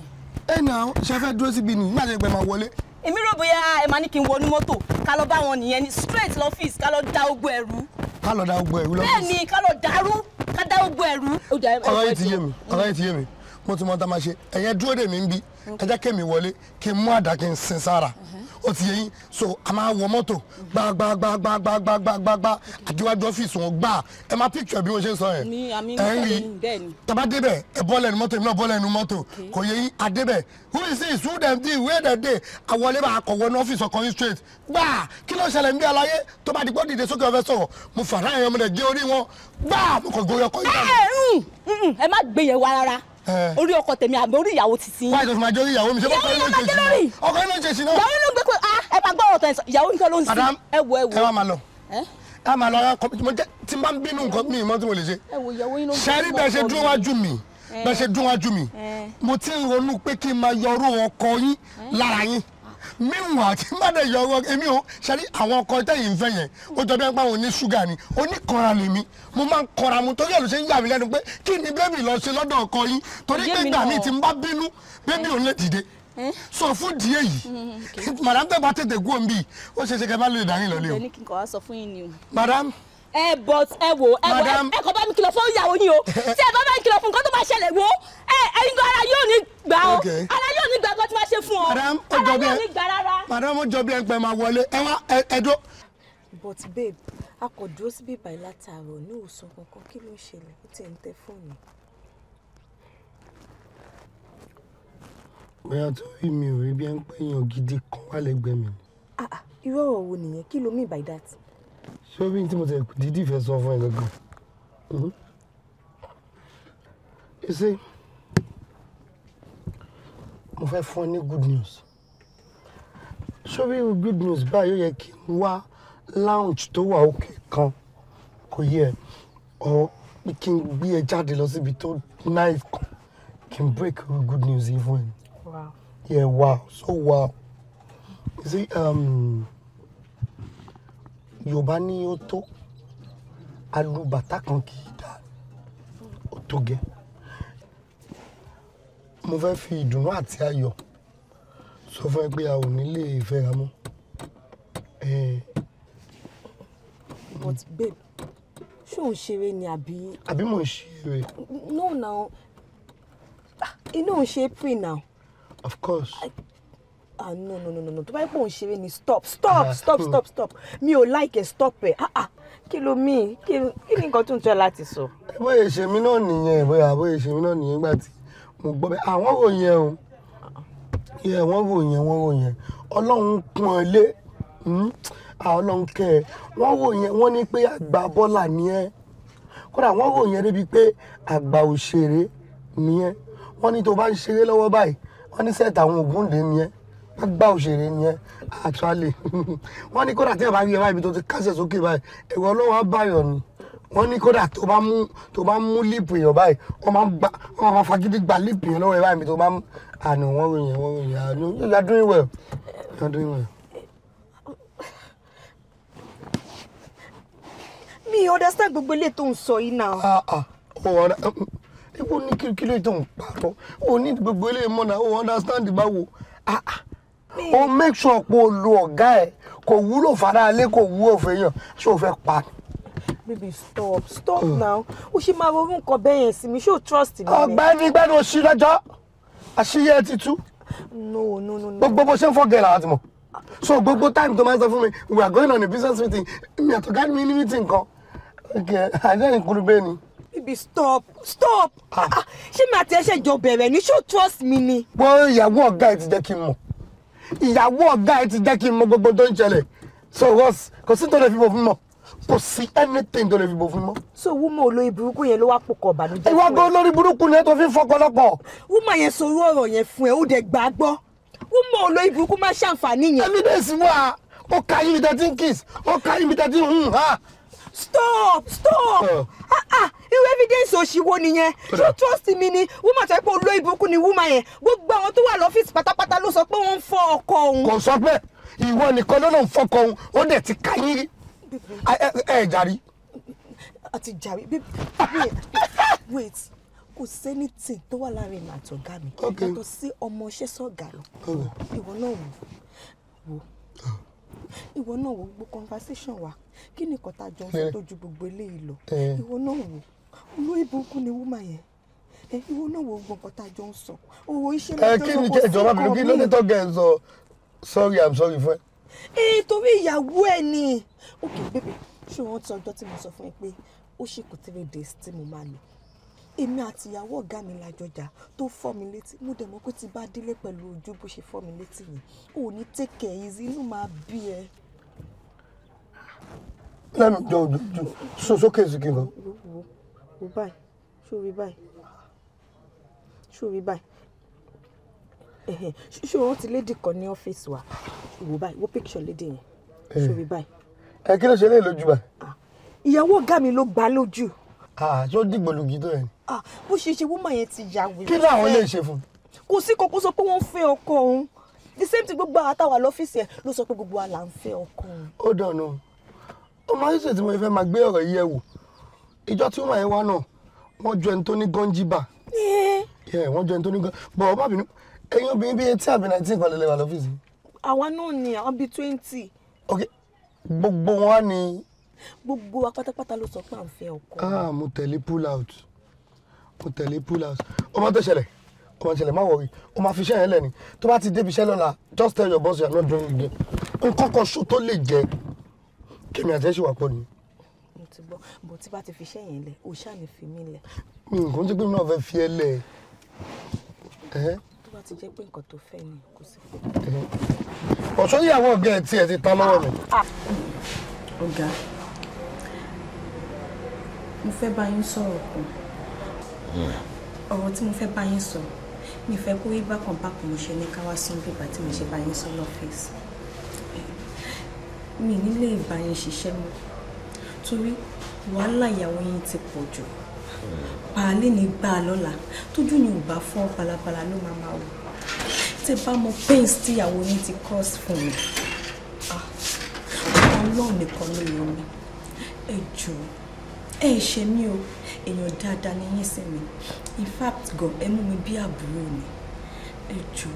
ẹ nà ó ṣe fẹ́ dúró síbi nì nígbà tó gbẹ máa wọlé. èmi rò bóyá ẹ máa ní kí n wọnú mọ́tò ká lọ bá wọn nìyẹn ní straight lọ́fíìsì ká lọ da ogbó ẹrú. ká lọ da ogbó ẹrú lọ́fíìsì. bẹ́ẹ̀ ni ká lọ dàrú ká da ogbó ẹrú. ọ̀rọ̀ ti yé mi ọ̀rọ̀ ti yé mi mo ti mọ ta ma ṣe ẹ̀yẹn dúró dè mí ń bi ẹjẹ́ kémi wọlé kí n mú àdá kí n sin sára ó ti yẹ yín so a máa wọ mọ́tò gbàgbàgbàgbàgbàgbàgbà àdíwájú ọ́fíìsì wọn gbà ẹ máa picture bí mo ṣe sọ yẹn ẹ ń rí tàbá débẹ̀ ẹ bọ́ lẹ́nu mọ́tò èmi náà bọ́ lẹ́nu mọ́tò kò yẹ yín àdébẹ̀ who is this who dem dey where dem dey àwọlé bá akọ̀wọ́ ní ọ́fíìsì ọkọ̀ yín straight gbà kí ló ṣẹlẹ̀ níbi àlàyé tó bá dìgbò dìde sókè ọ̀fẹ́ sọ̀rọ̀ mo fàrà ẹ̀yàn mi rẹ̀ gé orí wọn gbà Eh. orí ọkọ tèmi àbí orí ìyàwó ti sin. báyìí tó fi máa jẹ́ orí ìyàwó mi ṣé ọkọ yín ló ń jẹ sí náà ọkọ yín ló ń jẹ sí náà. ìyàwó yín ló ń gbé pé ah, ẹ bá gbọ́ ọ̀rọ̀ tẹ̀ ìyàwó yín kọ́ ló ń sin. ẹ wo ẹ wo ẹ wá máa lọ eh? ẹ máa lọ mo jẹ tí n bá ń bínú nǹkan mi mọ́ tí mo lè ṣe. sẹ́rí bẹ́ẹ̀ ṣe dúró wájú mi bẹ́ẹ̀ ṣe eh. dúró wájú mi mo ti ń ronú pé kí n máa yọ orú ọkọ yín lára yín meanwhile tí má dẹ̀ yọ ọwọ́ èmi ò ṣẹ́rí àwọn ọkọ tẹ̀yìn fẹ́ yẹn ó jọ bẹ́ẹ̀ pa òun ní ṣúgà ni oníkanra lèmi mo máa ń kanra mu torí ẹ̀ ló ṣe ń yà mí lẹ́nu pé kí ni bébì lọ ṣe lọ́dọ̀ ọkọ yín torí pé ìgbà míì tí n bá bínú bébì ò lè dìde hmm? sọ fún díẹ̀ yìí hmm, madame tẹ́ bá tètè gún òun bíi ó ṣe ṣe kẹ́ bá lè dárín lọ o. madam ẹ but ẹ wo ẹ wo ẹ kọ bá mi kìlọ̀ fún ìyàwó yín o tí ẹ bá bá mi kìlọ̀ fún nǹkan tó bá ṣẹlẹ̀ wo ẹ ẹyin gan ara yóò ní gbà o ara yóò ní gbà nǹkan tí wọ́n ṣe fún ọ ara yóò ní gbà rárá. madam ó jọ bí ẹ ń ẹ wá ẹ dó. but babe a kò dúró síbí ìbàyí látàárọ̀ ní òsàn kankan kí ló ń ṣẹlẹ̀ ó ti ń tẹ fóònù. bóyá torí mi ò rí bí ẹ ń pẹ́ èèyàn gidi kan wà lẹ́gbẹ̀ẹ́ mi. Ah, ah, irú ọ̀rọ̀ wo nìyẹn kí ló mean by that ṣé omi tí mo tẹ̀ dídì fẹ́ sọ fún ẹ gangan ẹ mhm. ṣe mo fẹ́ fún ẹ ní good news ṣé omi good news báyìí ó yẹ kí n wá lounge tó wà òkè kan kò yẹ ọ kí n gbé ẹ jáde lọ síbi tó nice kan kí n break good news yìí fún ẹ. Wow. Yeah, wow, so wow. You see, um, yorùbá ní ó tó alùbàtà kan kì í dá ó tó gẹ́ mo fẹ́ fi ìdùnnú àti ayọ̀ sọ fún ẹ pé a ò ní lè fẹ́ra mọ́. but babe ṣé ò ń ṣeré ni àbí. àbí mò ń ṣeré. no na ah, inú ò ń ṣe pre now. of course. I ah no no no no no tó bá yẹ ni stop stop ah. stop stop stop mi ò like ẹ stop ẹ ah ah kí ló mí kí ni nǹkan tó ń tọ́ láti sọ. bóyá ìṣèmí náà nìyẹn bóyá bóyá ìṣèmí náà nìyẹn nígbà tí mo gbọ́ bẹ́ẹ̀ àwọn wò yẹn o yẹ wọ́n wò yẹn wọ́n wò yẹn ọlọ́run kún ọ lé hmm? ah, ọlọ́run kẹ́ ẹ wọ́n wò yẹn wọ́n ní pé àgbà bọ́là ni ẹ́ kódà wọ́n wò yẹn débi pé àgbà òṣèré ni wọ́n ní tó bá ń ṣeré lọ́wọ́ báyìí wọ́n ní sẹ́ẹ̀tì àwọn ògúndé ni ẹ́ àgbà òṣèré nìyẹn actually wọ́n ní kódà tí ẹ bá rí ẹ báyìí tó ti kásẹ̀ sókè báyìí ẹ̀rọ ọlọ́wọ́ báyọ̀ ni wọ́n ní kódà tó bá mú tó bá mú líìpù èèyàn báyìí wọ́n máa gba wọ́n máa fagídí gba líìpù èèyàn lọ́wọ́ ẹ báyìí tó bá mú àná wọ́n ròyìn wọ́n ròyìn àná you are doing well you are doing well. mi understand gbogbo ilé tó ń sọ yìí náà. Ah, ah, oh, oh, oh, ibo ní kí ló tó ń parọ́ o ní gbogbo ilé mọ́nà o understand báwo ah, ó oh, make sure pé o lo ọ̀gá ẹ̀ kò wúlò faraálé kò wú òfin yàn ṣé o fẹ́ pa baby stop stop mm. now o ṣe máa ronú nǹkan bẹ́ẹ̀ yẹn sí mi ṣé o trust mi. ọ̀gbẹ́ni gbẹ́ni o ṣí lọ́jọ́ àṣírí ẹ ti tú. no no no. gbogbo bó ṣe ń fọ́ gẹ̀ẹ́lá àti mọ̀ so gbogbo time tó máa ń sọ fún mi we are going on a business meeting mi àtọ̀gá mi ní meeting kan okay àjẹ́ ìkúrúbẹ́ ni baby stop stop ah. Ah, ṣé mi àti ẹ ṣe jọ bẹ̀rẹ̀ ní ṣó trust mi ni. wọ́n ìyàwó ọ̀gá ẹ̀ ti jẹ́ kí n mọ̀ ìyàwó ọ̀gá ẹ ti jẹ́ kí n mọ gbogbo tó ń ṣẹlẹ̀ so what's kò sí tó lè fi bò fún mọ́ kò sí anything tó lè fi bò fún mọ́. so wúmọ olórí burúkú yẹn ló wá pokọ ìbànújẹ́ fún ẹ. ìwà gan olórí burúkú ni tó fi ń fọkọlọpọ. wúmọ yẹn sọ̀rọ̀ ọ̀rọ̀ yẹn fún ẹ ó dẹ gbà á gbọ́ wúmọ olórí burúkú má ṣàǹfààní yẹn. evidence wà ó ka yín bí thirteen kiss ó ka yín bí thirteen hun ha stop stop ah ah irú evidence òṣìwò nìyẹn ṣó trust mi ni woman tó yẹ pé olóyè ìbùkún ni woman yẹn gbogbo àwọn tó wà lọ́fíìsì pátápátá ló sọ pé wọ́n ń fọ ọkọ òun. kò sọ pé ìwọ nìkan ló ló ń fọkọ òun ó dẹ̀ ti ká yín ẹ ẹ jàrí. àti jàrí wait kò sẹ́ni tí tó wà láàrin ìmọ̀ àtọ̀gá mi yàtọ̀ sí ọmọ iṣẹ́ sọ̀gà lọ ìwọ náà wò ìwọ náà wo gbogbo conversation wa kí ni kọ́ta jọ ń sọ eh. tó gbogbo eléyìí lọ eh. ìwọ náà wo olóyè burúkú ni wúmà yẹn eh, ìwọ náà wo gbogbo kọ́ta jọ ń sọ owó iṣẹ́ lọ́jọ́ kò sí kọ́ mi. kí ló ní tọ́gẹ̀ ń sọ sorry i'm sorry fún ẹ. ee torí ìyàwó ẹ ni ok bébè ṣé wọn ti ọjọ́ tí mo sọ fún ẹ pé ó ṣe kò three days tí mo máa lò èmi àti ìyàwó ọ̀gá mi la jọjà tó fọ́ mi létí mo dẹ̀ mọ́ pé ti bá délé pẹ̀lú ojú bó ṣe fọ́ mi létí yẹn ò ní tèkè ìzí inú máa bí ẹ. lẹ́nu jọ jọ sókè sìkì lọ. wo báyìí sórí báyìí sórí báyìí ṣé wọn ti lédì kan ní ọ́fíìsì wa wo báyìí wo picture lédì yẹn sórí eh. báyìí. ẹ eh, kí ló ṣe lè báyìí. Ah, ìyàwó ọ̀gá mi ló gbá lójú. Ah, ṣé ó dìgbò lùgì tó ni. Ah, bó ṣe ṣe woman yẹn ti yà wèrè. kí làwọn lè ṣe fún. kò sí kókó sọ pé wọ́n fẹ́ ọkọ òun the same thing gbogbo àwọn àtàwà lọ́fíìsì ẹ̀ ló sọ pé gbogbo àlà ń fẹ́ ọkọ òun. ó dànù ọmọ ayéṣe tí mo fẹ́ máa gbé ọ̀rọ̀ yẹ̀ wò ìjọ tí woman yẹn wá náà wọ́n ju ẹni tó ní gọ́ńjìbà. Eh. wọ́n ju ẹni tó ní gọ́ńjìbà bọ̀ ọmọ àbínú ẹ̀yin obìnrin bíi eighteen àbí nineteen kan lè wà lọ́fíìsì. àwa náà ni àwọn bíi twenty. ok gbogbo wọn ni. gbogbo wa pátápátá ló sọ pé à ń fẹ́ ọkọ. ah mo tẹ̀lé pull out kò tẹ̀lé pull out ọmọ tó ṣẹlẹ̀ ọmọ ṣẹlẹ̀ má wọ̀rí o máa fi iṣẹ́ yẹn lẹ́ni tó bá ti débi iṣẹ́ lọ́la just tell your boss you are not doing again nǹkan kan ṣo tó lè jẹ kèmí àti ẹ̀ṣin wà pọ̀ ni. mo ti gbọ́ bó tí bá ti fi iṣẹ́ yẹn lẹ̀ o ṣáà ní fi mí lẹ̀. mi nǹkan tó gbé mi náà fẹ́ fi ẹ lẹ̀ ẹ́ tó bá ti jẹ́ pé nǹkan tó fẹ́ ni kò sí fún mi. ọ̀ṣọ́ ìyàwó ọ̀gá ẹ̀ tí ẹ ti ta lọ́wọ́ mi. Ah, ah. ọ̀gá mo fẹ́ bá yín sọ̀rọ̀ kan. Mm. ọ̀rọ̀ tí mo fẹ́ bá yín sọ mi fẹ́ kó rí bákan bákan mo ṣe ní káwá sún bíbá tí mo ṣe bá yín sọ lọ́fíìsì mi nílé ìbá yín ṣiṣẹ́ mọ́ torí wàhálà ìyàwó yín ti pọ̀ jù pàálí ní gbà lọ́la tójú ni ò bá fọ́ palapala ló máa máa wò tẹ bá mọ pains tíyàwó yín ti cross fún mi ah, ọlọ́run nìkan ló yọ mi ẹ jù ẹ ṣe mí o èèyàn dáadáa ni yín sí mi in fact gan ẹ mú mi bí àbúrò ni ẹ jù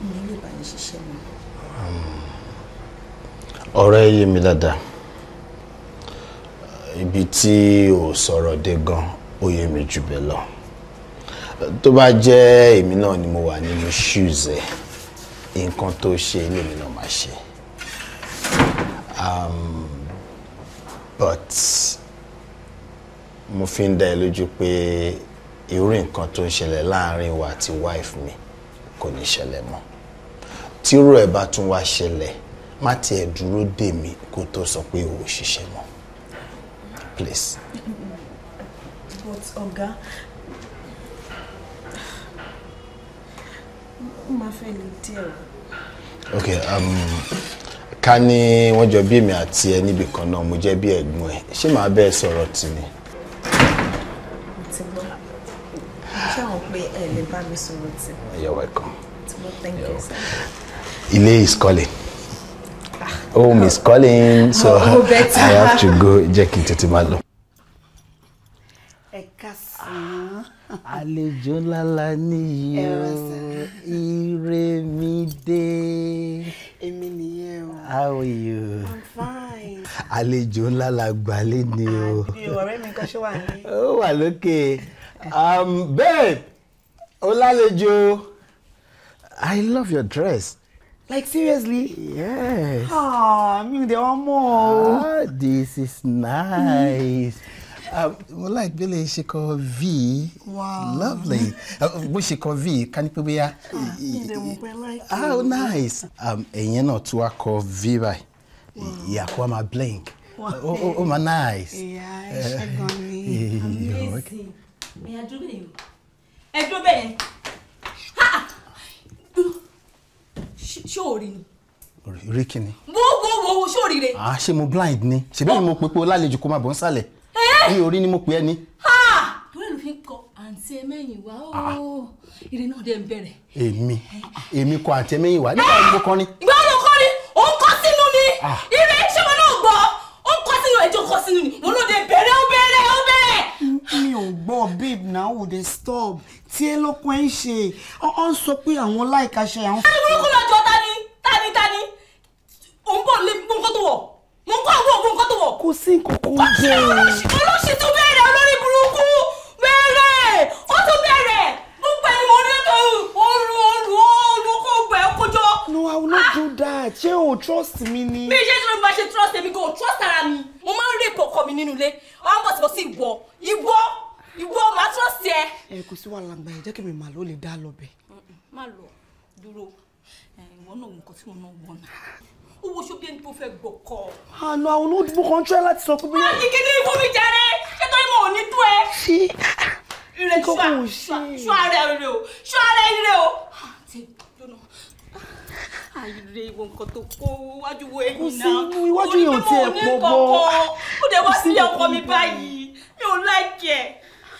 mi lè bá yín ṣiṣẹ́ mi. Hmm. ọ̀rọ̀ ẹ yé mi dáadáa ibi tí ò sọ̀rọ̀ dé gan ó yé mi jù bẹ́ẹ̀ lọ tó bá jẹ́ èmi náà ni mo wà nínú shoes ẹ̀ nǹkan tó ṣe lèmi náà máa ṣe um, but mo fi ń dá ẹ lójú pé irú nǹkan tó ń ṣẹlẹ̀ láàrin wa àti wife mi kò ní ṣẹlẹ̀ mọ́ tírú ẹ̀ bá tún wá ṣẹlẹ̀ má tiẹ̀ dúró dè mí kó tó sọ pé o ò ṣiṣẹ́ mọ́ please. but ọ̀gá ó máa fẹ́ lè díẹ̀ o. okay um, ká ní wọ́n jọ bí èmi àti ẹ níbì kan náà mo jẹ́ bí ẹ̀gbọ́n ẹ̀ ṣé màá bẹ́ẹ̀ sọ̀rọ̀ tì ni. You're welcome. thank you sir. Ile is calling. oh, ah. Miss calling so oh, oh, I have to go check into n tètè ńlá la níyì o, ire mi dé. Èmi nìyẹn o. How are you? I'm fine àlejò ńlá la gbà lé ni o. àbí ọ̀rẹ́ mi kan ṣe wà ní. ó wà lókè um, babe ọlálejò i love your dress. Like seriously? Yes. Ah, mi ò dé wọn mọ o. Ah, this is nice. Hmm. Um, mo like bí lè ṣe kọ V. Wow. Lovely. Uh, bó ṣe kọ V, ká ní pé bóyá. Ah, ah nice. Um, ẹ̀yin náà tún wá kọ V báyìí yeah, kó a máa blink ó máa nice. ìyá ẹ̀ṣẹ̀ gan ni amazing ẹ̀yà dúró bẹ́ẹ̀ ẹ̀ dúró bẹ́ẹ̀ ṣé o rí ni. rí wo wo wo ṣé o rí re. àá ṣe mo blind ni ṣèbí mi mo pe pé o lálejò kó máa bọ̀ mi ò ni mo pe ẹ Ha. ìwé ló fi ń kọ àǹtí ẹmẹ́yìn wá o ìrìn náà dẹ̀ ń bẹ̀rẹ̀. èmi ko kọ àǹtí ẹmẹ́yìn wá nígbà mo kọrin. ìgbà wo lo kọrin òun kọ sínú Ah. ire ṣé wọn náà gbọ́ ó ń kọ́ sínú ẹjọ́ kọ́ sínú ni wọn náà dé bẹ̀rẹ̀ ó bẹ̀rẹ̀ ó bẹ̀rẹ̀. mi ò gbọ́ babe now we dey stop tí ẹ lọ́kọ́ ẹ ń ṣe ọ́n sọ pé àwọn láìka ṣe àwọn. ẹ burúkú lọ́jọ́ tani tani tani òun bọ̀ lé mú nǹkan tó wọ̀ mú nǹkan wọ̀ mú nǹkan tó wọ̀. kò sí nǹkan kó jẹ́ o. olóṣì tún bẹ̀rẹ̀ olórí burúkú bẹ̀rẹ̀ ó tún bẹ̀rẹ̀ gbogbo ẹni mo ní ọ̀rùn ọ̀rùn ọ̀rùn kó gbẹ̀ kó no i will not ah. do that ṣé o trust me, ni. Me bí iṣẹ́ tí mo bá ṣe trust me. coming in. to see You You èmi My trust here. Eh, ara mi mo máa ń rí ipò ọkọ mi nínú ilé ọmọ bọ̀ síbọ̀ sí ìwọ ìwọ ìwọ màá trust ẹ. ẹ kò sí wàhálà gbà yẹn jẹ́ kí mi màá ló lè dá lọ bẹ̀. má lọ dúró ìwọ náà nǹkan tí mo náà wọ̀ náà owó ṣókè ní tó fẹ́ gbọ̀kọ̀. àná àwọn olóòdìbò kan ń try láti sọ pé. máa kí kíní ikú mi jẹrẹ ṣé tó yẹ mọ òní tó ẹ. ṣé ìrẹsùn àrẹ rẹ o ṣọ àrẹ rẹ o. àìrè ìwọ nǹkan tó kó wájú wo ẹ̀yìn náà kò sí iwájú yóò tí ẹ pọ bọ ó dé wá sílé ọkọ mi báyìí mi ò láìkẹ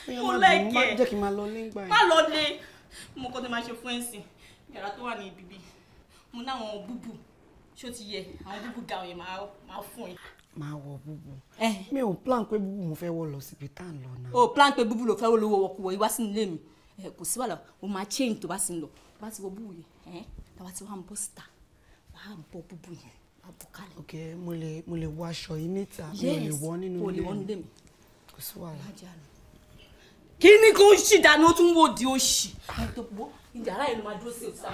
mi ò láìkẹ jẹ́ kí n máa lọ lé yẹn má lọ lé mo kọ́ tó máa ṣe fún ẹ̀sìn yàrá tó wà ní ibibí mo náwọn búbù ṣó ti yẹ àwọn búbù ga òye máa fún ẹ. máa wọ búbù mi ò plan pé búbù mo fẹ́ wọ lọ síbi tá à ń lọ náà. o plan pé búbù ló fẹ́ wọ lówó wọkú wọ iwá sínú ilé mi kò sí wàhálà o máa change tó bá sì ń lọ bá ti wọ búbù yẹn tàwa ti wá ń bó síta wàá bọ búbu yẹn wàá bọ kalẹ̀. ok mo lè mo lè wọ aṣọ yìí níta mo lè wọ nínú ilé mi kò lè wọ nílé mi kí ni kò ń ṣì dáná ó tún wò di òṣì. àtọ̀pọ̀ ìjàrá yẹn ló máa dúró sí òtítà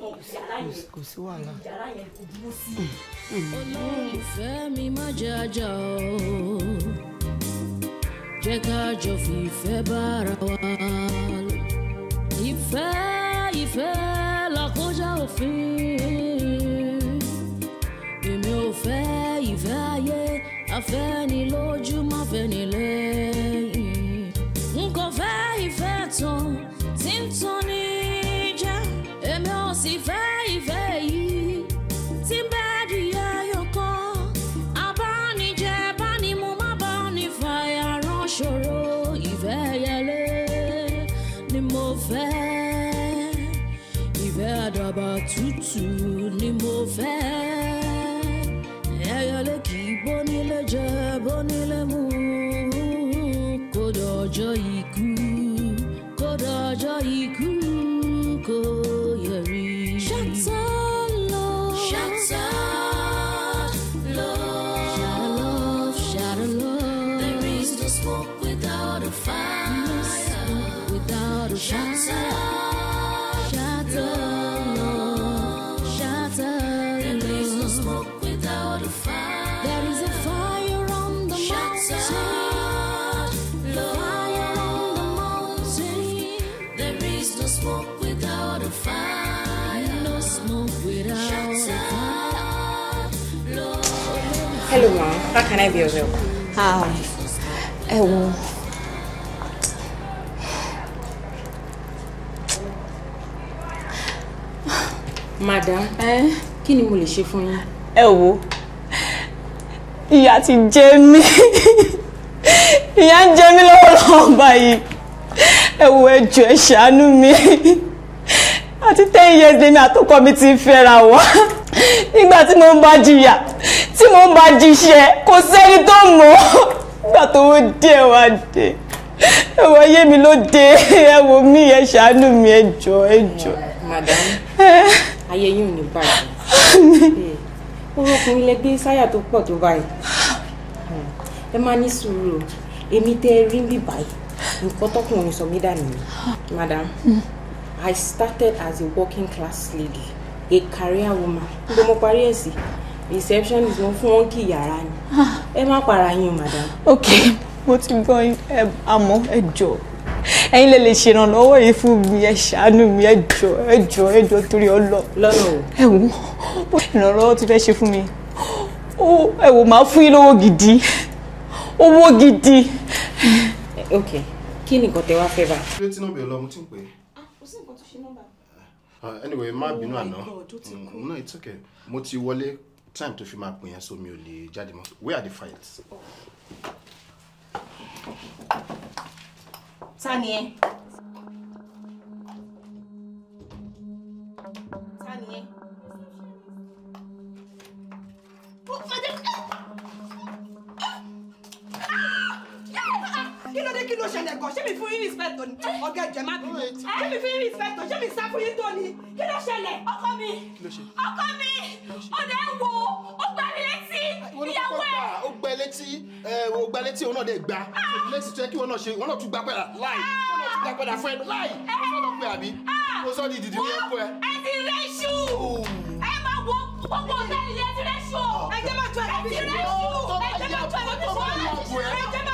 máa kò sí wàhálà. ọlọ́run ìfẹ́ mi má jàjà o jẹ́ ká jọ fìfẹ́ bára wa ìfẹ́ òfin èmi ò fẹ́ ìfẹ́ ayé afẹ́ni lójú má fẹ́ni lẹ́yìn n kò fẹ́ ìfẹ́ tán tí ń tán ní. How can I be é help? Ah, How? é wo. Madam, eh, kí ni mo lè ṣe fún yín? Ẹ wo, ìyà ti jẹ mí. Ìyà ń jẹ o lọ́wọ́lọ́wọ́ É Ẹ wo ẹjọ́ ẹ ṣàánú mi. Àti ten years lèmi àtọkọ mi ti fẹ́ra wa. Nígbà tí não ń bá jìyà mò ń bá jíṣẹ́ kò sẹ́ni tó mọ̀ gbà tó wọ́n dé ẹ̀ wá dé ẹ̀ wọ́n yé mi ló dé ẹ̀ wò mí ẹ̀ ṣàánú mi ẹ̀ jọ ẹ̀ jọ. madam ayé yìí ò ní bàjẹ́ ó eh. rọ́kùnrin gbé sáyà tó pọ̀ tó báyìí ẹ máa ní sùúrù èmi tẹ rí bí báyìí nǹkan tọkùnrin sọ mí dànù ni madam I started as a working class lady a career woman gbogbo parí ẹ̀ sí Reception is fún wọn kí yàrá ni ah. ẹ má para yín madam. Okay. mo ti gbọ́ àmọ́ ẹ jọ ẹ̀yin lè lè ṣèrànlọ́wọ́ yìí fún mi ẹ ṣàánú mi ẹ jọ ẹ jọ ẹ jọ torí ọ lọ. lọ́nà o. wo ìrànlọ́wọ́ ti fẹ́ ṣe fún mi ẹ wo màá fún yín lówó gidi owó gidi. ok kí ni nǹkan tẹ wá fẹ́ bá. ṣé tí nọ́ọ̀bù yẹn lọ mo ti ń pè é. Ah, kò sí nǹkan ah, anyway má bínú àná oh mo mm, it's okay mo ti wọlé time to fi máa pè yẹn so mi ò lè jáde mọ́ where are the files. ta ni ẹ. ta ni ẹ. kí ló dé kí ló ṣẹlẹ̀ gan ṣé mi fún yín respect Tony. ọ̀gá ẹ̀jẹ̀ má bínú ṣé mi fún yín respect Tony. ṣé mi sá fún Tony. tóní kí ló ṣẹlẹ̀ ọkọ mi ọkọ mi ọ̀dọ̀ ẹ̀ wo ó gbá mi létí ìyàwó ẹ̀. Ah, ó gbẹ létí ó gbẹ létí òun náà dẹ̀ gbá ah. létí tó yẹ kí wọn náà ṣe wọn náà tún gbá padà láì ah. wọn náà tún gbá padà fún ẹ láì wọn eh. náà lọ pé àbí ó sọ ní ìdìdì ní ẹkọ ẹ. ẹ ti rẹ ṣù oh. ẹ máa wọ gbogbo ọ̀gá ilé ẹ ti rẹ ṣù oh. ẹ jẹ́ máa tó ẹ lọ́bí ṣù ẹ jẹ́ máa tó ẹ lọ́bí ṣù ẹ jẹ́ máa.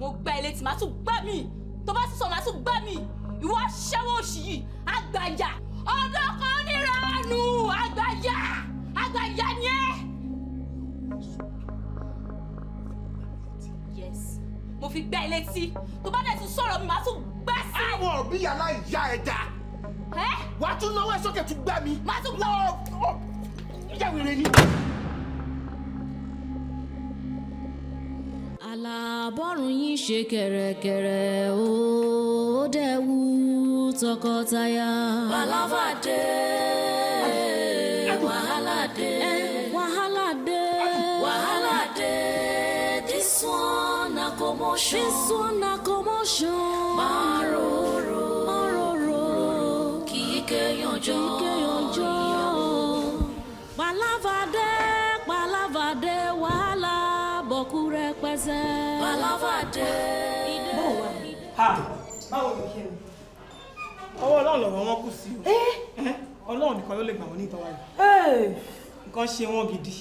mo gbá ilé tí màá tún gbá mi tó bá tún màá tún gbá mi ìwọ aṣẹ́wó òṣì yìí àgbàyà ọ̀dọ́ kan nírànú àgbàyà àgbàyà ni ẹ́. yes mo fi gbá ilé tí tó bá dẹ̀ tún sọ̀rọ̀ mi màá tún gbá sí. àwọn òbí yàrá ìyá ẹ̀dá wàá tún náwó ẹ̀ sókè tún gbá mi. màá tún gbá ọ. ìyá wèrè ni. àbọ̀rùn yín ṣe kẹ̀rẹ̀kẹ̀rẹ̀ ó dẹ̀wù tọkọtaya. palava dé wàhálà dé wàhálà dé wàhálà dé this one na commotion this one na commotion. maroro maroro kì í kéèyàn jọ. ọwọ́ ọlọ́run lọ̀rọ̀ wọn kù sí o eh? ọlọ́run nìkan ló lè gbà wọ́n ní ìtọ́wá yìí eh! nǹkan ṣe wọ́n gidi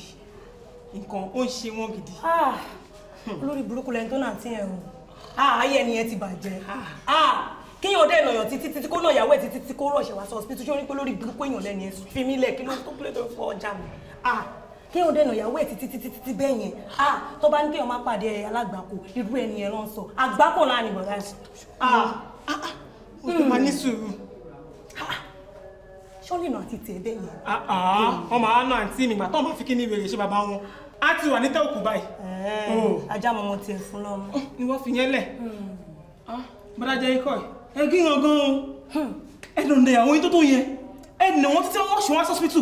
nǹkan ó ń ṣe wọ́n gidi. olórí burúkú lẹni tó náà ti ẹ̀ hàn ayé ẹni yẹn ti bàjẹ́ kí yóò dé ìlọ̀yàn títí títí kó náà yàwó ẹ̀ títí tí kó rọ̀ ṣẹ̀wá sọ hospital ṣé o rí pé lórí burúkú èèyàn lẹ́ni ẹ̀ fi mí lẹ̀ kí ló tó kílẹ̀ tó fọ ọjà mi kéèyàn dẹ̀nà ìyàwó ẹ̀ títí títí títí bẹ́ẹ̀ yẹn ah tó bá ní o má pàdé alágbàkọ irú ẹni yẹn ló ń sọ àgbákò náà ni bọ̀dá yìí. ah ah o tó máa ní sùúrù. sọ́ọ́lì náà ti tẹ̀ bẹ́ẹ̀ yẹn. ah ah ọmọ àánú àǹtí mi màtọ́ máa fi kí ni ìwé rẹ̀ ṣe bàbá wọn a ti wà ní tẹ́òkù báyìí. Oh. ajá mọ̀mọ́ tiẹ̀ fún lọ́mọ. Oh, ni wọ́n fi yẹn lẹ̀ hmm. bọ́dá jẹ́ ikọ̀ ẹ̀ gígan o an ẹ̀ lọ́nà ìyàwó yín tó tó yẹn ẹ̀ nà wọ́n títí wọ́n ṣùwọ́n sọ́sìpítù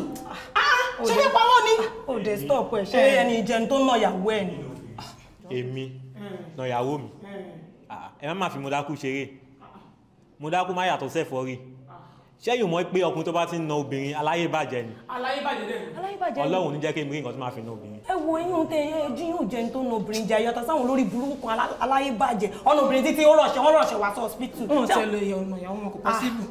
ṣé ní pawọ́ ni. ó dé stop ẹ ṣe ẹni ìjẹun tó nà ìyàwó ẹ ni. èmi hmm. nà ìyàwó mi hmm. ah, ẹ má má fi mo dákú ṣeré mo dákú má yàtọ̀ sẹ́fọ́ rí ṣé yóò mọ̀ pé ọkùnrin tó bá ti ń na obìnrin aláyébàjẹ́ ni. aláyébàjẹ́ dẹ̀. aláyébàjẹ́ ni ọlọ́run ní jẹ́ kí èmi rí nǹkan tó máa fi na obìnrin. ẹ wo eyín tẹ ẹjú yóò jẹ ní tó na obìnrin jẹ yọta sáwọn olórí burúkú kan aláyébàjẹ́ ọ̀nà obìnrin títí ó rọ̀ṣẹ̀ wọ́n rọ̀ṣẹ̀ wá sí ọ̀sìpìtì. wọn ò tẹ̀lé ìyàwó wọn kò pọ́sibú.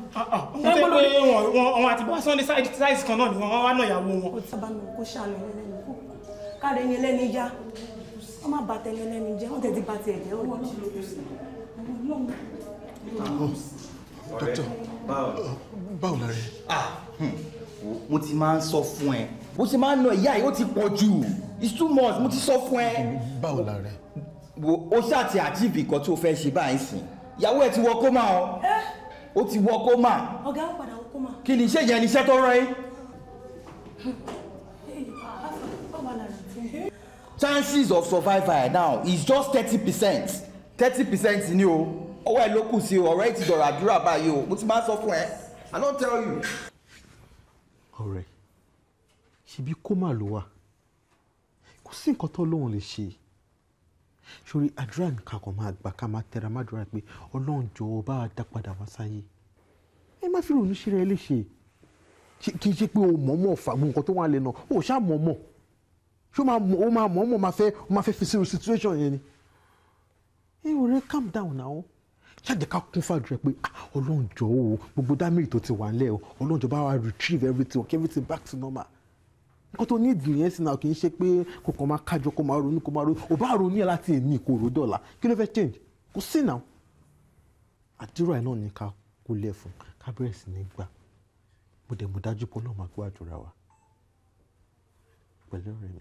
wọ́n tẹ́ pé báwo la rẹ. Ah, hmm. mo ti máa ń sọ fún ẹ bó ṣe máa ń nà ìyá yìí ti pọ̀ jù it's too much mo ti sọ fún ẹ. báwo la rẹ. wo o ṣáà ti achieve nǹkan tó fẹ́ ṣe báyìí sìn ìyàwó ẹ ti wọ kómà o ó ti wọ kómà. ọ̀gá ó padà wọ kómà. kí ni iṣẹ́ yẹn ni iṣẹ́ tó rọ ẹ́. chances of survival now is just thirty percent thirty percent ni o ọwọ́ ẹ ló kù sí o ọ̀rẹ́ ti dọ̀rọ̀ àdúrà báyìí o mo ti máa ń sọ fún ẹ. I don't tell you. ọ̀rẹ́ She be coma wà kò sí nǹkan tó lóun lè ṣe sórí àdúrà nìkan kan máa gbà ká máa tẹra má dúrà pé ọlọ́run jọ̀wọ́ bá a dá padà wá sáyé ẹ má fi rònú síra ẹ lè ṣe kì í ṣe pé o mọ̀ọ́mọ̀ fàgbọ́n nǹkan tó wà lẹ́nu o ṣáà mọ̀ọ́mọ̀ ṣé o máa mọ̀ọ́mọ̀ máa fẹ́ fi sínú situation yẹn ni ẹ ò rẹ calm down now ṣáàjẹ́ ká kún fàdúrà pé ah, ọlọ́run jọ̀ọ́ o gbogbo dámìrì tó ti wà nílẹ̀ o ọlọ́run jọ̀ọ́ bá wa retrieve everything okay everything back to normal nǹkan tó ní ìdùnnú yẹn sí náà kì í ṣe pé kò kàn máa kájọ kó máa ronú kó máa ronú ò bá ronú yẹn láti èmi kò rò dọ̀la kí ló fẹ́ change kò sí náà àdúrà ẹ̀ náà ní ká kúlẹ̀ fún ká bẹ̀rẹ̀ sí ní gbà mo dẹ̀ mo dájú pé ọlọ́run máa gbọ́ àdúrà wa pẹ̀lú ọ̀rẹ́ mi.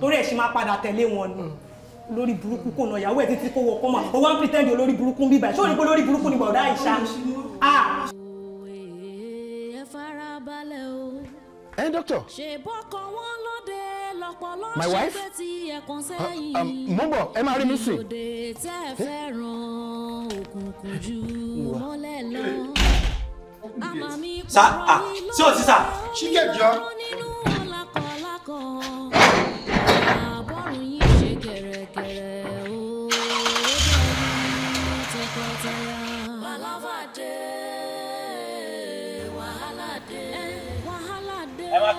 torí ẹ̀ ṣe máa padà tẹ̀lé wọn ni lórí burúkú kò náà ìyàwó ẹ̀ títí kó wọ kọ́mà ó wá ń pretend olórí burúkú ń bíbà ṣé òní pé lórí burúkú ni bọ̀dá ìṣá. Ah! ẹ dọ́kítọ̀. my wife uh, um, mo ń bọ̀ ẹ máa rí mi sìn. òde eh? ah sí ò sí sá. ṣíkẹ́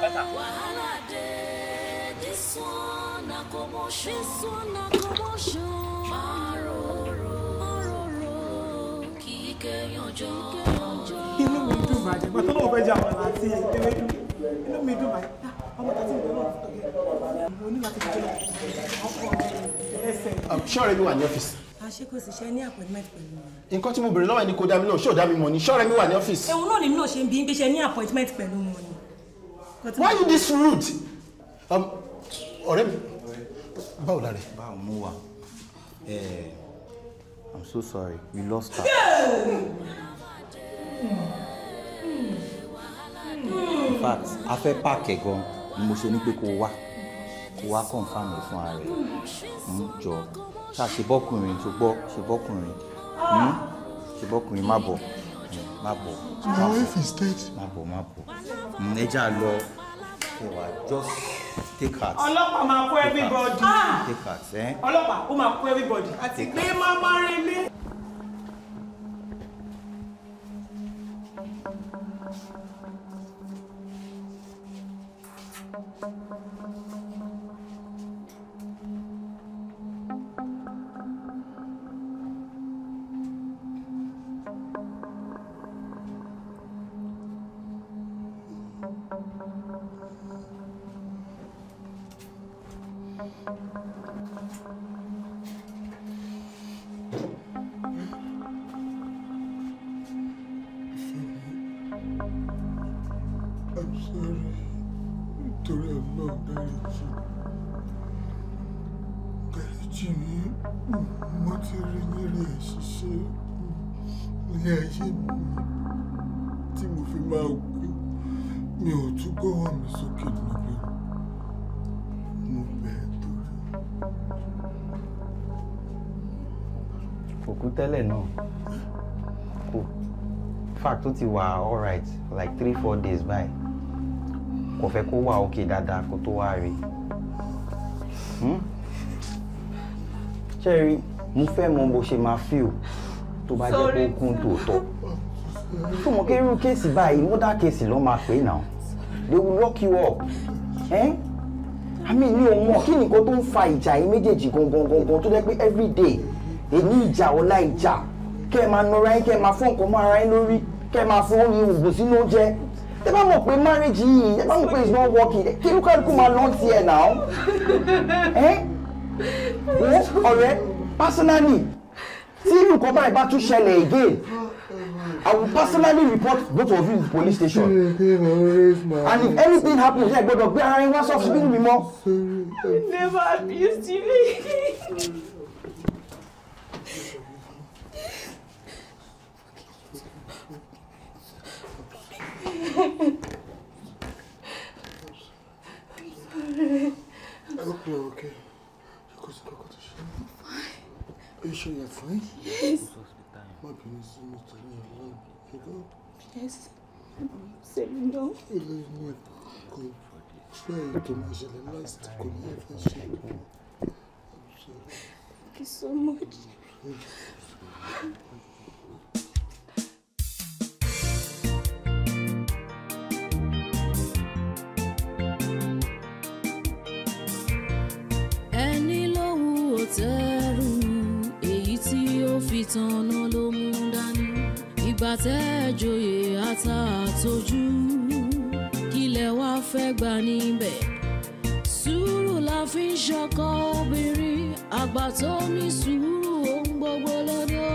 better. inú mi dùn máa jẹ gbọ́dọ̀ náà fẹ́ jẹ àwọn àti ìpínlẹ̀ inú mi dùn máa ah, jẹ ọmọ tàbí ìgbẹ́ náà tọ̀gẹ̀ mo ní láti jẹ ọkọ ẹsẹ̀. Um, ṣọ́ọ̀rẹ́ mi wà ní ọ́fíìsì. aṣẹ́ kò sì ṣe ní appointment pẹ̀lú wọn. nǹkan tí mo béèrè lọ́wọ́ ẹni kò dá mi lóhùn ṣó dá mi mọ̀ ni ṣọ́ọ̀rẹ́ mi wà ní ọ́fíìsì. ẹ̀hún náà ni mi náà ṣe ń bí ń gbéṣẹ́ ní appointment pẹ̀lú wọn ni why you this rude um, ọ̀rẹ́ mi báwo la rẹ. báwo mo wà eh, i'm so sorry we lost her. in fact a fẹ́ páàkì gan ni mo ṣe ní pé kó wá kó wá confam ẹ̀ fún ara ẹ̀ ń hmm, jọ ṣáà ṣe bọ́kùnrin tó gbọ́ ṣe bọ́kùnrin hmm, ṣe bọ́kùnrin má bọ̀ hmm, má bọ̀. my wife is dead. má bọ̀ má bọ̀ ẹ lọ ẹ wà just take heart. ọlọ́pàá máa kó everybody. take heart ẹ. Eh? Ah! ọlọ́pàá ó máa kó everybody. àti gbé máa máa relé. jèmi tí mo fi máa kú mi ò tún gbọ́wọ́ mi sókè níbi mo bẹ̀ ẹ́ tó. kò kú tẹ́lẹ̀ náà kò fact ó ti wà alright like three four days báyìí kò fẹ́ kó wà òkè dáadáa kó tó wá rí i. Hmm? ṣé mo fẹ́ mọ bó ṣe máa feel tó bá jẹ́ pé ó kún tòótọ́ tó mọ̀ kérú kéèsì báyìí mọ́dà kéèsì ló máa pè náà they will lock you up eh? I mean mi ò mọ̀ kí nìkan tó ń fa ìjà yìí méjèèjì gangan gangan tó jẹ́ pé everyday èmi ìjà ọ̀la ìjà kẹ́ ẹ máa nọra yín kẹ́ ẹ máa fọ́ nǹkan mọ́ ara yín lórí kẹ́ ẹ máa fọ́ omi òògùn sínú oúnjẹ ẹ bá mọ̀ pé marriage yìí ẹ bá mọ̀ pé it's not working kí ló kálukú máa lọ́n tiẹ̀ náà ọ̀rẹ́ personally See you come back bá tún ṣẹlẹ̀ again I will personally report both of you to police station and if anything happens ẹ gbọ́dọ̀ gbé ara yín wá sọ́ọ̀sì nínú mi mọ́. I never abuse you. I'm sorry. I hope you're okay. You could go to show. Are you fine? Yes. My penis is not alone. Yes. Save me now. You to measure last conversation. Thank you so much. tó ní sùúrù ohun gbogbo lọ́dọ̀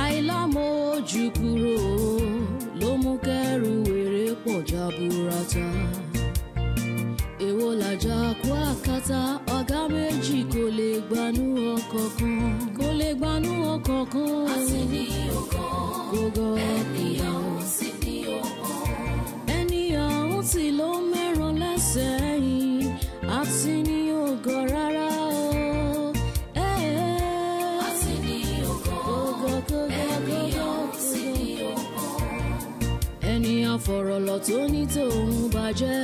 àìlámọ̀ọ́jú kúrò ló mú kẹ́rù wèrè pọ̀ jaburata èwo làjà kú àkàtà treasure